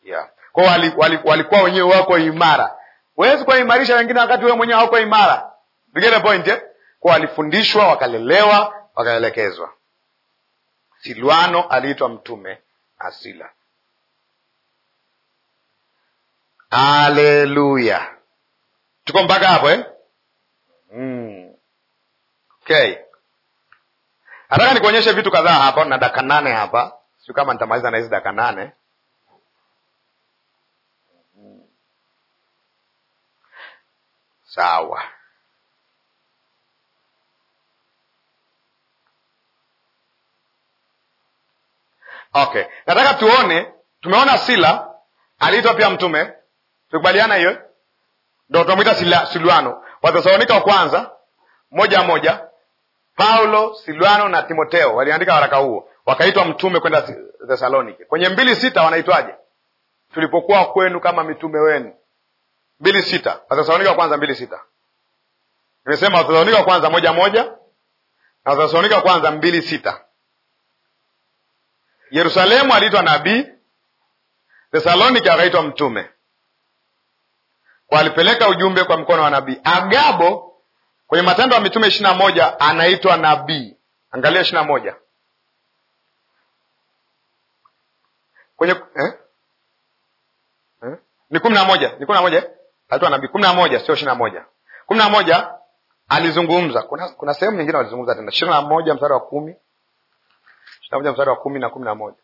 S1: yeah. Kwa walikuwa wali, wali wenyewe wako imara, huwezi kuwaimarisha wengine wakati wewe mwenyewe hauko imara. You get the point eh? Kwa walifundishwa, wakalelewa, wakaelekezwa. Silwano aliitwa mtume asila. Aleluya, tuko mpaka hapo eh? Mm. Okay, nataka nikuonyeshe vitu kadhaa hapa na dakika nane hapa, sio kama nitamaliza na hizi dakika nane. Mm. Sawa. Okay, nataka tuone. Tumeona Sila aliitwa pia mtume, tukubaliana hiyo, ndo tunamwita Silwano. Wathesalonika wa kwanza moja moja, Paulo, Silwano na Timoteo waliandika waraka huo, wakaitwa mtume kwenda Thesalonike. Kwenye mbili sita wanaitwaje? Tulipokuwa kwenu kama mitume wenu, mbili sita. Wathesalonika wa kwanza mbili sita, nimesema Wathesalonika wa kwanza moja moja na Wathesalonika wa kwanza mbili sita. Yerusalemu aliitwa nabii, Thesalonika akaitwa mtume, kwa alipeleka ujumbe kwa mkono wa nabii. Agabo kwenye Matendo ya Mitume ishirini na moja anaitwa nabii, angalia ishirini na moja kwenye eh? Eh? ni kumi na moja ni kumi na moja eh? aliitwa nabii kumi na moja sio ishirini na moja kumi na moja alizungumza. Kuna, kuna sehemu nyingine walizungumza tena ishirini na moja mstari wa kumi tutakuja mstari wa kumi na kumi na moja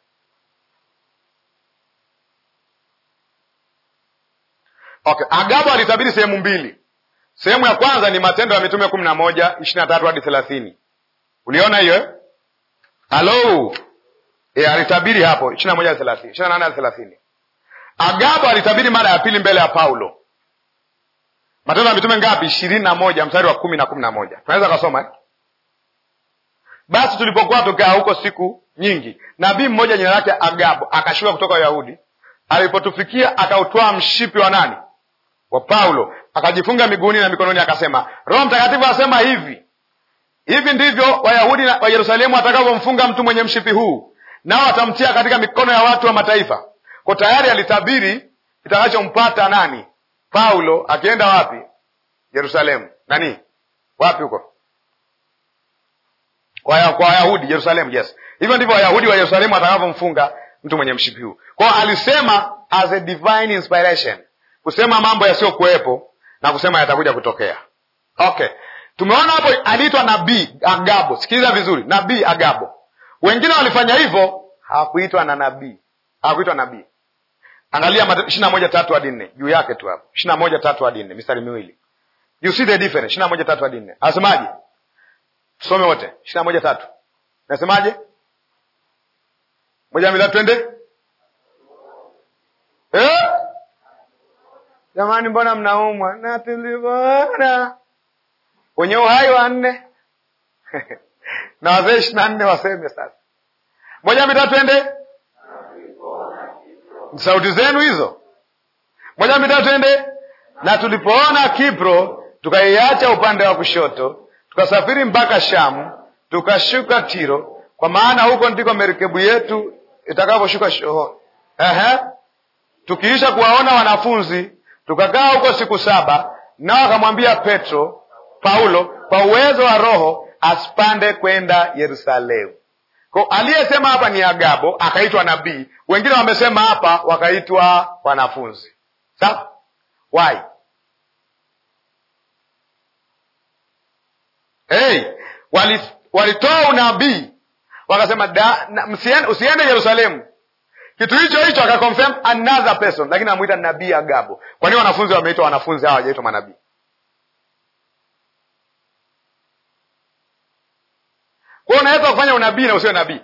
S1: okay. Agabo alitabiri sehemu mbili. Sehemu ya kwanza ni Matendo ya Mitume kumi na moja ishirini na tatu hadi thelathini. Uliona hiyo? Eh? Halo, e, alitabiri hapo ishirini na moja hadi thelathini, ishirini na nane hadi thelathini. Agabo alitabiri mara ya pili mbele ya Paulo. Matendo ya Mitume ngapi? ishirini na moja mstari wa kumi na kumi na moja tunaweza kasoma eh? Basi tulipokuwa tukaa huko siku nyingi, nabii mmoja jina lake Agabo akashuka kutoka Wayahudi. Alipotufikia akautwaa mshipi wa nani? Wa Paulo, akajifunga miguuni na mikononi, akasema, Roho Mtakatifu asema hivi, hivi ndivyo Wayahudi wa Yerusalemu watakavyomfunga mtu mwenye mshipi huu, nao watamtia katika mikono ya watu wa mataifa. Kwa tayari alitabiri itakachompata nani? Paulo akienda wapi? Yerusalemu. Nani wapi huko? kwa Wayahudi Yerusalemu. Yes, hivyo ndivyo Wayahudi wa Yerusalemu watakavyomfunga mtu mwenye mshipi huu. Kwao alisema as a divine inspiration, kusema mambo yasiyokuwepo na kusema yatakuja kutokea. Okay, tumeona hapo aliitwa nabii Agabo. Sikiliza vizuri, nabii Agabo. Wengine walifanya hivyo, hakuitwa na nabii, hakuitwa nabii. Angalia ishirini na moja tatu hadi nne juu yake tu hapo, ishirini na moja tatu hadi nne mistari miwili. You see the difference, ishirini na moja tatu hadi nne anasemaje? Tusome wote ishirini na moja tatu nasemaje? moja mila twende eh? Jamani, mbona mnaumwa na tulivyoona wenye uhai wa nne (laughs) na wazee ishirini na nne waseme sasa, moja mitatu twende, sauti zenu hizo, moja mitatu twende. Na tulipoona Kipro tukaiacha upande wa kushoto tukasafiri mpaka Shamu, tukashuka Tiro, kwa maana huko ndiko merikebu yetu itakavyoshuka shohoni. Ehe, tukiisha kuwaona wanafunzi tukakaa huko siku saba, nao akamwambia Petro, Paulo kwa uwezo wa Roho asipande kwenda Yerusalemu. Kwa aliyesema hapa ni Agabo, akaitwa nabii. Wengine wamesema hapa wakaitwa wanafunzi. Sawa? Why? hey, walitoa unabii wakasema usiende Yerusalemu. Kitu hicho hicho akakonfirm another person, lakini anamuita nabii Agabo. Kwa nini wanafunzi wameitwa wanafunzi, hawa wajaitwa manabii? Kwa unaweza kufanya unabii na usiwe nabii.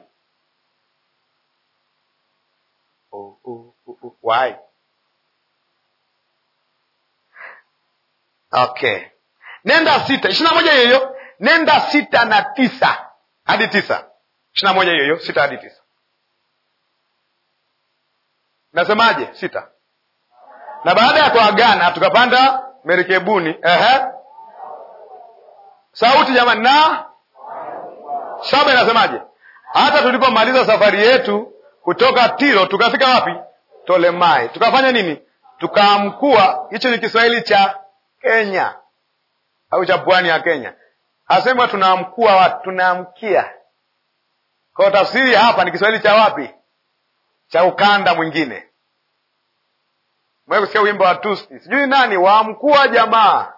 S1: Oh, oh, oh, oh, why? Okay, nenda sita ishirini na moja hiyo nenda sita na tisa hadi tisa ishirini na moja hiyo hiyo sita hadi tisa nasemaje? Sita. Na baada ya kuagana tukapanda merikebuni. Ehe, sauti jamani, na saba inasemaje? Hata tulipomaliza safari yetu kutoka Tiro tukafika wapi? Tolemai. Tukafanya nini? Tukaamkua. Hicho ni Kiswahili cha Kenya au cha pwani ya Kenya asema tunaamkua watu, tunaamkia kwao. Tafsiri hapa ni Kiswahili cha wapi? Cha ukanda mwingine. Mwae kusikia wimbo wa Tusi sijui nani, waamkua jamaa.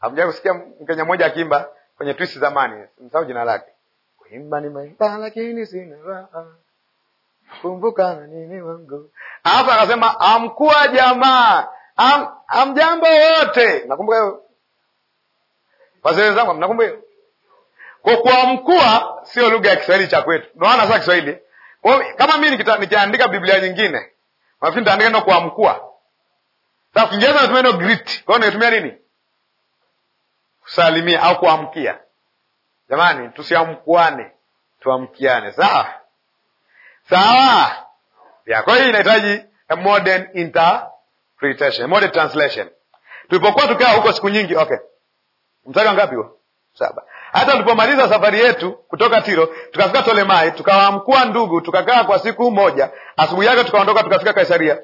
S1: Hamjai kusikia Mkenya mmoja akiimba kwenye Tusi zamani, msahau jina lake, kuimba maimba lakini sina raha kumbuka na nini wangu hapa. Akasema amkua jamaa, amjambo wote, nakumbuka wazee wenzangu, mnakumbuka hiyo? Kwa kuamkua sio lugha ya Kiswahili cha kwetu, ndio maana sasa Kiswahili kwa kama mimi nikiandika Biblia nyingine, nafikiri nitaandika neno kuamkua. Sasa Kiingereza natumia neno greet, kwa hiyo natumia nini? Kusalimia au kuamkia. Jamani, tusiamkuane, tuamkiane, sawa sawa. Ya, kwa hiyo inahitaji a modern interpretation, modern translation. Tulipokuwa tukaa huko siku nyingi, okay mstari wa ngapi huo? Saba. Hata tulipomaliza safari yetu kutoka Tiro tukafika Tolemai, tukawaamkua ndugu, tukakaa kwa siku moja. Asubuhi yake tukaondoka, tukafika Kaisaria,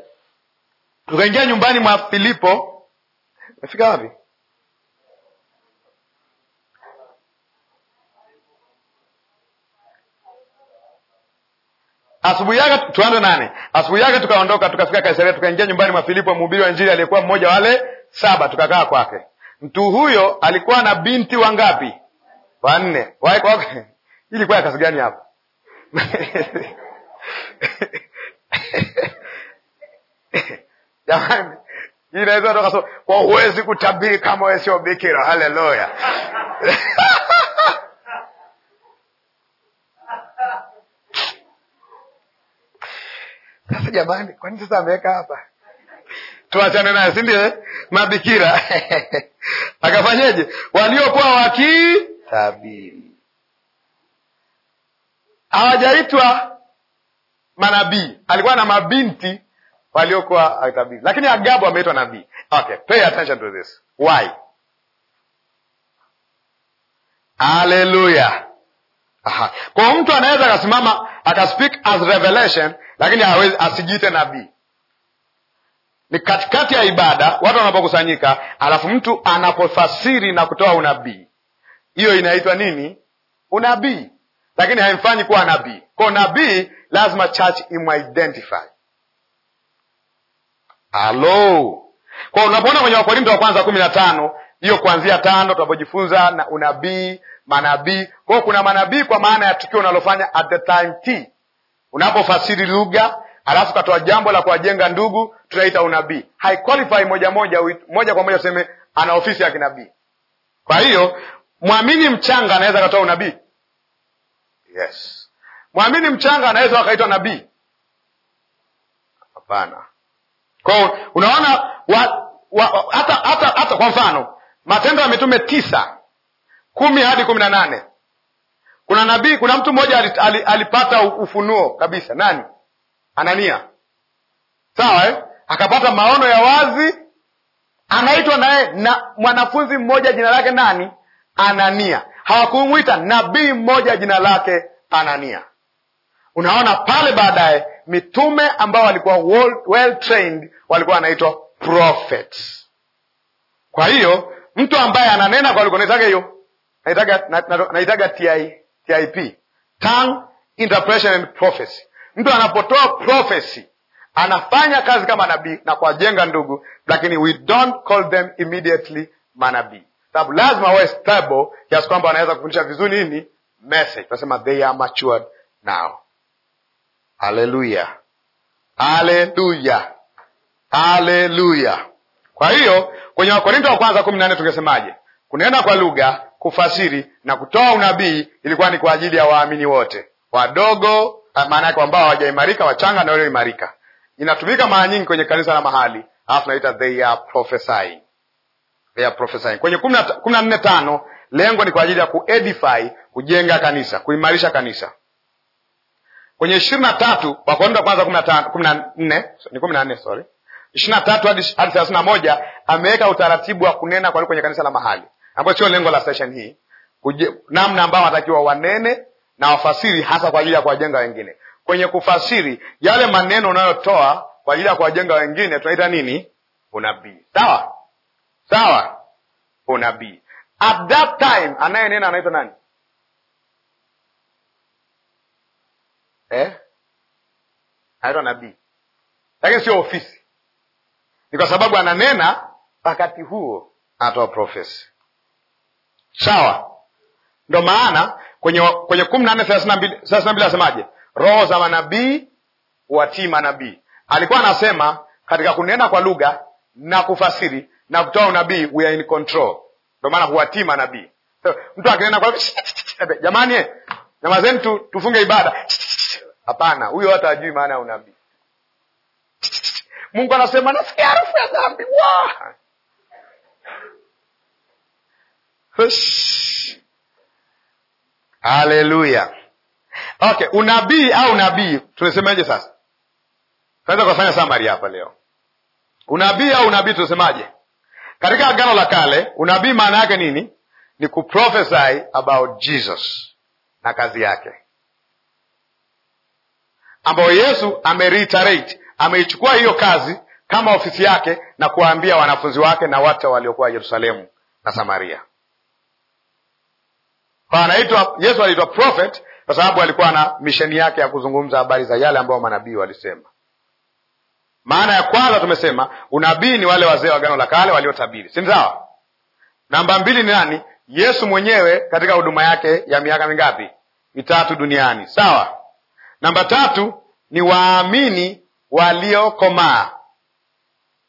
S1: tukaingia nyumbani mwa Filipo. Mefika wapi? Asubuhi yake tuanze nane. Asubuhi yake tukaondoka, tukafika Kaisaria, tukaingia nyumbani mwa Filipo, mhubiri wa Injili aliyekuwa mmoja wale saba, tukakaa kwake mtu huyo alikuwa na binti wangapi? Wanne. (laughs) Ilikuwa kazi gani hapo? (laughs) Jamani, inaweza toka so kwa, huwezi kutabiri kama wewe sio bikira. Haleluya! (laughs) Sasa jamani, kwani sasa ameweka hapa tuachane naye, si ndio? Eh? Mabikira (laughs) akafanyeje? waliokuwa wakitabiri hawajaitwa manabii, alikuwa na mabinti waliokuwa wakitabiri, lakini Agabu ameitwa nabii. Okay, pay attention to this why. Haleluya! Kwa mtu anaweza akasimama aka as revelation, lakini asijiite nabii ni katikati ya ibada, watu wanapokusanyika, alafu mtu anapofasiri na kutoa unabii, hiyo inaitwa nini? Unabii, lakini haimfanyi kuwa nabii. Kwa nabii lazima church imwidentify Halo, kwa unapoona kwenye Wakorinto wa kwanza kumi na tano hiyo kuanzia tano tunapojifunza na unabii, manabii. Kwa hiyo kuna manabii kwa maana ya tukio unalofanya at the time t, unapofasiri lugha alafu katoa jambo la kuwajenga ndugu, tunaita unabii. Haiqualify moja moja moja kwa moja tuseme ana ofisi ya kinabii. Kwa hiyo mwamini mchanga anaweza akatoa unabii? Yes. Mwamini mchanga anaweza akaitwa nabii? Hapana. Kwao unaona wa, wa, hata, hata, hata kwa mfano Matendo ya Mitume tisa kumi hadi kumi na nane kuna nabii, kuna mtu mmoja alipata ufunuo kabisa. Nani? Anania, sawa eh? Akapata maono ya wazi, anaitwa naye na mwanafunzi mmoja jina lake nani? Anania. Hawakumwita nabii mmoja jina lake Anania. Unaona pale baadaye mitume ambao walikuwa well trained walikuwa wanaitwa prophets. Kwa hiyo mtu ambaye ananena kwa lugha naitaga hiyo naitaga, naitaga TIP, tongue interpretation and prophecy. Mtu anapotoa prophecy anafanya kazi kama nabii na kuwajenga ndugu, lakini we don't call them immediately manabii, sababu lazima wawe stable kiasi kwamba wanaweza kufundisha vizuri nini message. Tunasema they are matured now. Haleluya, haleluya, haleluya. Kwa hiyo kwenye Wakorinto wa kwanza kumi na nne tungesemaje? Kunena kwa lugha, kufasiri na kutoa unabii ilikuwa ni kwa ajili ya waamini wote, wadogo Ah, maana yake ambao hawajaimarika, wachanga na walioimarika. Inatumika mara nyingi kwenye kanisa la mahali, alafu naita they are prophesying, they are prophesying. Kwenye kumi na nne tano lengo ni kwa ajili ya kuedify, kujenga kanisa, kuimarisha kanisa. Kwenye ishirini na tatu Wakorintho kwanza kumi na nne ni kumi na nne sorry, ishirini na tatu hadi thelathini na moja ameweka utaratibu wa kunena kwa kwenye kanisa la mahali, ambayo sio lengo la session hii, namna ambao wanatakiwa wanene na wafasiri hasa kwa ajili ya kuwajenga wengine. Kwenye kufasiri yale maneno unayotoa kwa ajili ya kuwajenga wengine tunaita nini? Unabii. Sawa sawa, unabii. At that time anayenena anaitwa nani eh? Anaitwa nabii, lakini sio ofisi. Ni kwa sababu ananena wakati huo, anatoa profesi. Sawa, ndo maana kwenye kwenye kumi na nne thelathini na mbili anasemaje? Roho za manabii watii manabii. Alikuwa anasema katika kunena kwa lugha na kufasiri na kutoa unabii, we are in control. maana huwatii manabii. So, mtu akinena kwa (laughs) jamani, jamazeni tu, tufunge ibada, (laughs) hapana, huyo hata ajui maana ya unabii. (laughs) Mungu anasema nasikia harufu ya dhambi. Haleluya. Okay, unabii au nabii tunasemaje sasa? Tunaweza kufanya summary hapa leo. Unabii au nabii tunasemaje? Katika Agano la Kale, unabii maana yake nini? Ni kuprophesy about Jesus na kazi yake, ambayo Yesu amereiterate, ameichukua hiyo kazi kama ofisi yake na kuwaambia wanafunzi wake na watu waliokuwa Yerusalemu na Samaria. Anaitwa Yesu aliitwa prophet kwa sababu alikuwa na misheni yake ya kuzungumza habari za yale ambayo manabii walisema. Maana ya kwanza tumesema unabii ni wale wazee wa gano la Kale waliotabiri, si sawa? Namba mbili ni nani? Yesu mwenyewe katika huduma yake ya miaka mingapi? Mitatu duniani, sawa. Namba tatu ni waamini waliokomaa,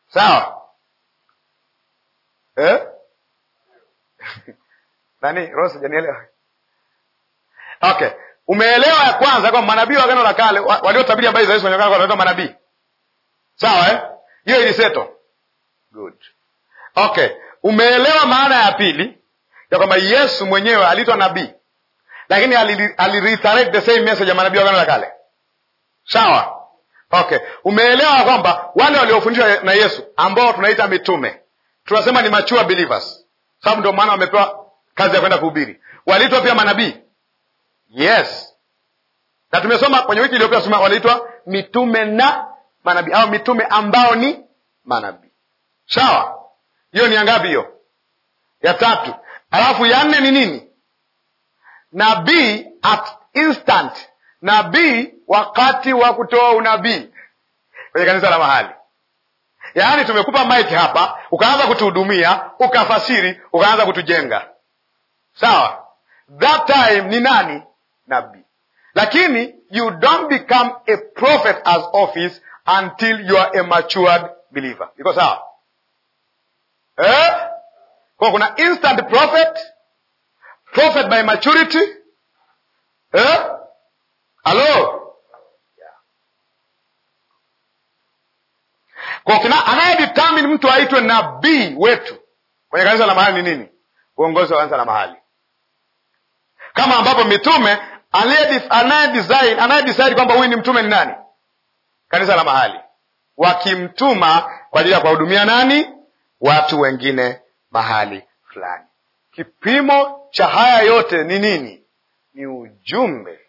S1: sawa eh? (laughs) nani roho sijanielewa Okay, umeelewa ya kwanza kwamba manabii wa Agano la Kale waliotabiri habari za Yesu kwenye kwa wanaitwa manabii, sawa eh? Hiyo iliseto good. Okay, umeelewa maana ya pili ya kwamba Yesu mwenyewe aliitwa nabii, lakini alireiterate the same message ya manabii wa Agano la Kale, sawa Okay, umeelewa kwamba wale waliofundishwa na Yesu ambao tunaita mitume, tunasema ni mature believers, sababu ndio maana wamepewa kazi ya kwenda kuhubiri. Waliitwa pia manabii, Yes, na tumesoma kwenye wiki iliyopita, wanaitwa mitume na manabii au mitume ambao ni manabii. Sawa, hiyo ni ya ngapi? Hiyo ya tatu. Alafu ya nne ni nini? Nabii at instant, nabii wakati wa kutoa unabii kwenye kanisa la mahali Yaani, tumekupa mike hapa, ukaanza kutuhudumia, ukafasiri, ukaanza kutujenga. Sawa, that time ni nani? nabii. Lakini you don't become a prophet as office until you are a matured believer. Iko sawa eh? Kwa kuna instant prophet, prophet by maturity eh? Halo Kwa anayedetermine mtu aitwe nabii wetu kwenye kanisa la mahali ni nini? Uongozi wa kanisa la mahali, kama ambapo mitume anaye decide kwamba huyu ni mtume ni nani? Kanisa la mahali, wakimtuma kwa ajili ya kuwahudumia nani? Watu wengine mahali fulani. Kipimo cha haya yote ni nini? Ni ujumbe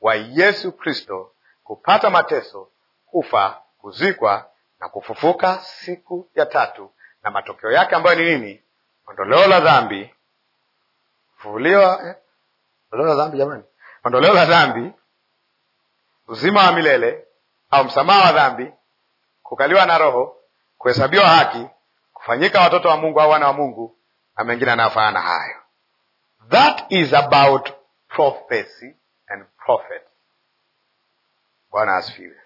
S1: wa Yesu Kristo kupata mateso, kufa, kuzikwa na kufufuka siku ya tatu, na matokeo yake ambayo ni nini? Ondoleo la dhambi, kufufuliwa, eh? ondoleo la dhambi jamani ondoleo la dhambi, uzima wa milele au msamaha wa dhambi, kukaliwa na Roho, kuhesabiwa haki, kufanyika watoto wa Mungu au wana wa Mungu na mengine anayofanana hayo. That is about prophecy and prophet. Bwana asifiwe.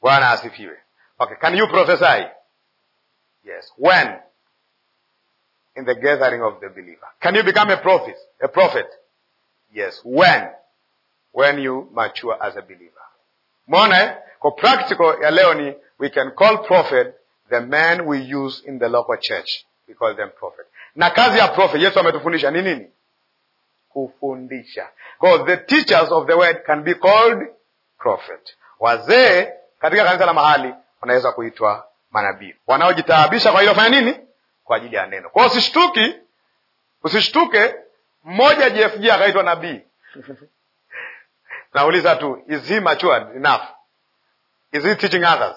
S1: Bwana asifiwe. Okay, can you prophesy? Yes. When? In the gathering of the believer. Can you become a prophet? A prophet? Yes, when when you mature as a believer. Mwona kwa practical ya leo ni we can call prophet the man we use in the local church. We call them prophet. Na kazi ya prophet Yesu ametufundisha ni nini? Kufundisha. Because the teachers of the word can be called prophet. Wazee katika kanisa la mahali wanaweza kuitwa manabii wanaojitaabisha kwa hilo fanya nini? Kwa ajili ya neno. Kwa usishtuki, usishtuke mmoja JFG akaitwa nabii (laughs) nauliza tu, is he matured enough? Is he teaching others?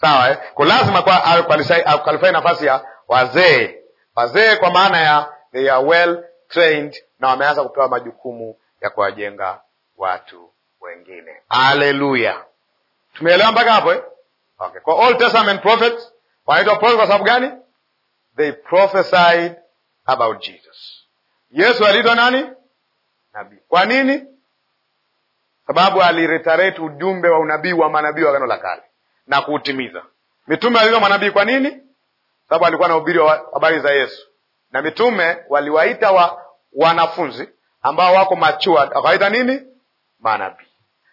S1: Sawa eh? Kwa lazima kwa akalifai nafasi ya wazee wazee, kwa maana ya they are well trained na wameanza kupewa majukumu ya kuwajenga watu wengine. Haleluya, tumeelewa mpaka hapo eh? Okay. Kwa Old Testament prophets wanaitwa prophets kwa sababu gani? They prophesied about Jesus. Yesu aliitwa nani? Nabii. Kwa nini? Sababu aliretareti ujumbe wa unabii wa manabii wa Agano la Kale na kuutimiza. Mitume waliitwa manabii kwa nini? Sababu alikuwa na ubiri wa habari za Yesu, na mitume waliwaita wa wanafunzi ambao wako machua, wakawaita nini? Manabii.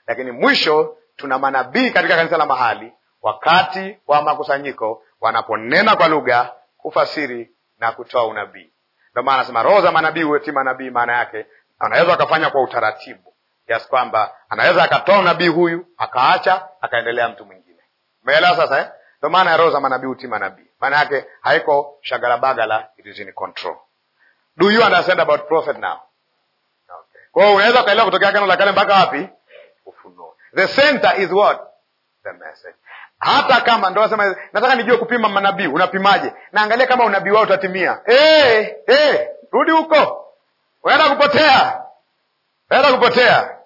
S1: Lakini mwisho tuna manabii katika kanisa la mahali, wakati wa makusanyiko, wanaponena kwa lugha, kufasiri na kutoa unabii. Ndio maana anasema roho za manabii huwetii manabii, maana yake anaweza akafanya kwa utaratibu kiasi kwamba anaweza akatoa nabii huyu akaacha akaendelea mtu mwingine. Umeelewa sasa eh? Ndio maana roho za manabii hutii manabii, maana yake haiko shagalabagala, it is in control. Do you understand about prophet now? Okay. Kwa hiyo unaweza ukaelewa kutokea Agano la Kale mpaka wapi? Ufunuo. The center is what? The message hata kama ndo nasema nataka nijue kupima manabii. Unapimaje? Naangalia kama unabii wao utatimia. hey, eh, eh, hey, rudi huko, unaenda kupotea, unaenda kupotea,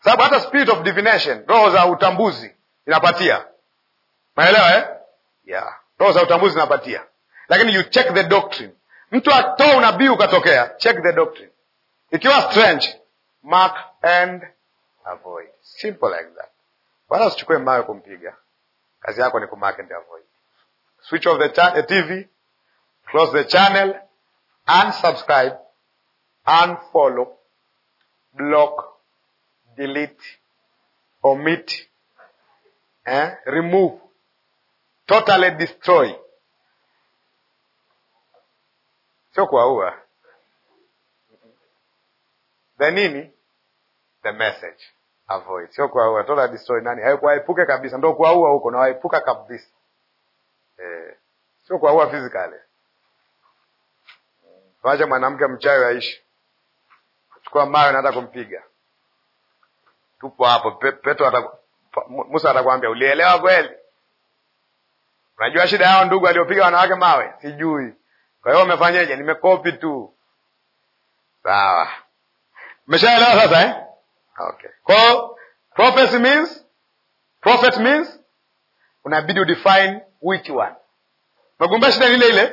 S1: sababu hata spirit of divination, roho za utambuzi inapatia, maelewa eh? yeah. roho za utambuzi inapatia, lakini you check the doctrine. Mtu atoa unabii ukatokea, check the doctrine, ikiwa strange, mark and avoid, simple like that. Wala usichukue mawe kumpiga Kazi yako ni kumake ndio hapo. Switch off the cha eh, TV, close the channel, unsubscribe, unfollow, block, delete, omit, eh, remove, totally destroy. Sio kuwaua. The nini? The message avoid, sio kuwaua. Tola destroy nani? Haikuwaepuke kabisa, ndio kuwaua huko na waepuka kabisa eh, sio kuwaua physically. Wacha mwanamke mchawi aishi, chukua mawe na hata kumpiga. Tupo hapo. Petro ataku, Musa atakwambia ulielewa kweli? Unajua shida yao ndugu aliopiga wanawake mawe? Sijui. Kwa hiyo umefanyaje? Nimekopi tu. Sawa, meshaelewa sasa eh? Okay. Kwa prophecy means prophet means unabidi udefine which one. Magumba shida ile ile,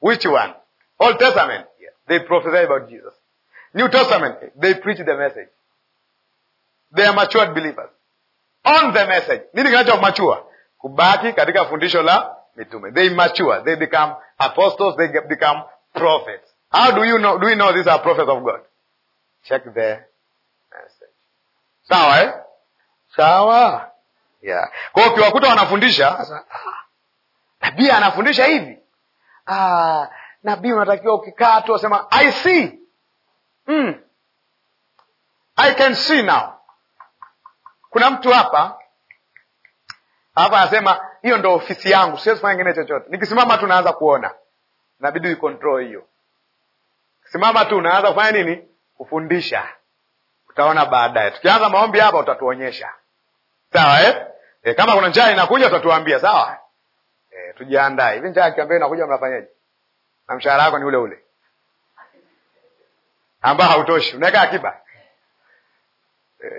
S1: which one? Old Testament, yeah. they prophesy about Jesus. New Testament, they preach the message. They are matured believers. On the message. Nini kinacho mature? Kubaki katika fundisho la mitume. They mature, they become apostles, they become prophets. How do you know do we know these are prophets of God? Check there. sawa eh? sawa yeah. Kwa hiyo ukiwakuta wanafundisha ah, nabii anafundisha hivi, ah, nabii unatakiwa ukikaa tu wasema I see. Mm. I can see now. Kuna mtu hapa hapa anasema hiyo ndo ofisi yangu, siwezi kufanya kingine chochote. Nikisimama tu naanza kuona, nabidi uikontrol hiyo. Simama tu naanza kufanya nini? Kufundisha tutaona baadaye. Tukianza maombi hapa utatuonyesha, sawa eh? E, kama kuna njaa inakuja utatuambia, sawa e, tujiandae. Hivi njaa ikiambia inakuja, mnafanyaje? Na mshahara wako ni ule ule ambao hautoshi, unaweka akiba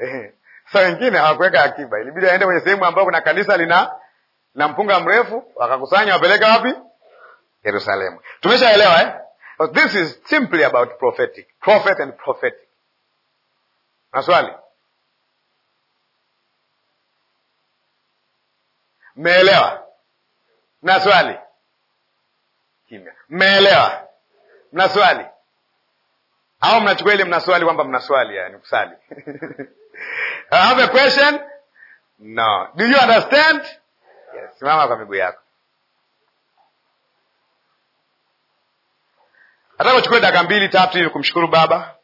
S1: eh, sa wengine hawakuweka akiba, ilibidi aende kwenye sehemu ambayo kuna kanisa lina na mpunga mrefu, wakakusanya wapeleka wapi? Yerusalemu. Tumeshaelewa eh? This is simply about prophetic prophet and prophetic Maswali? Mmeelewa? na swali? Kimya. Mmeelewa? Mna swali au mnachukua ile mna swali kwamba mna swali, yani kusali (laughs) I have a question? No. Do you understand? Yes. Simama kwa miguu yako. Nataka uchukue dakika mbili tatu hivi kumshukuru Baba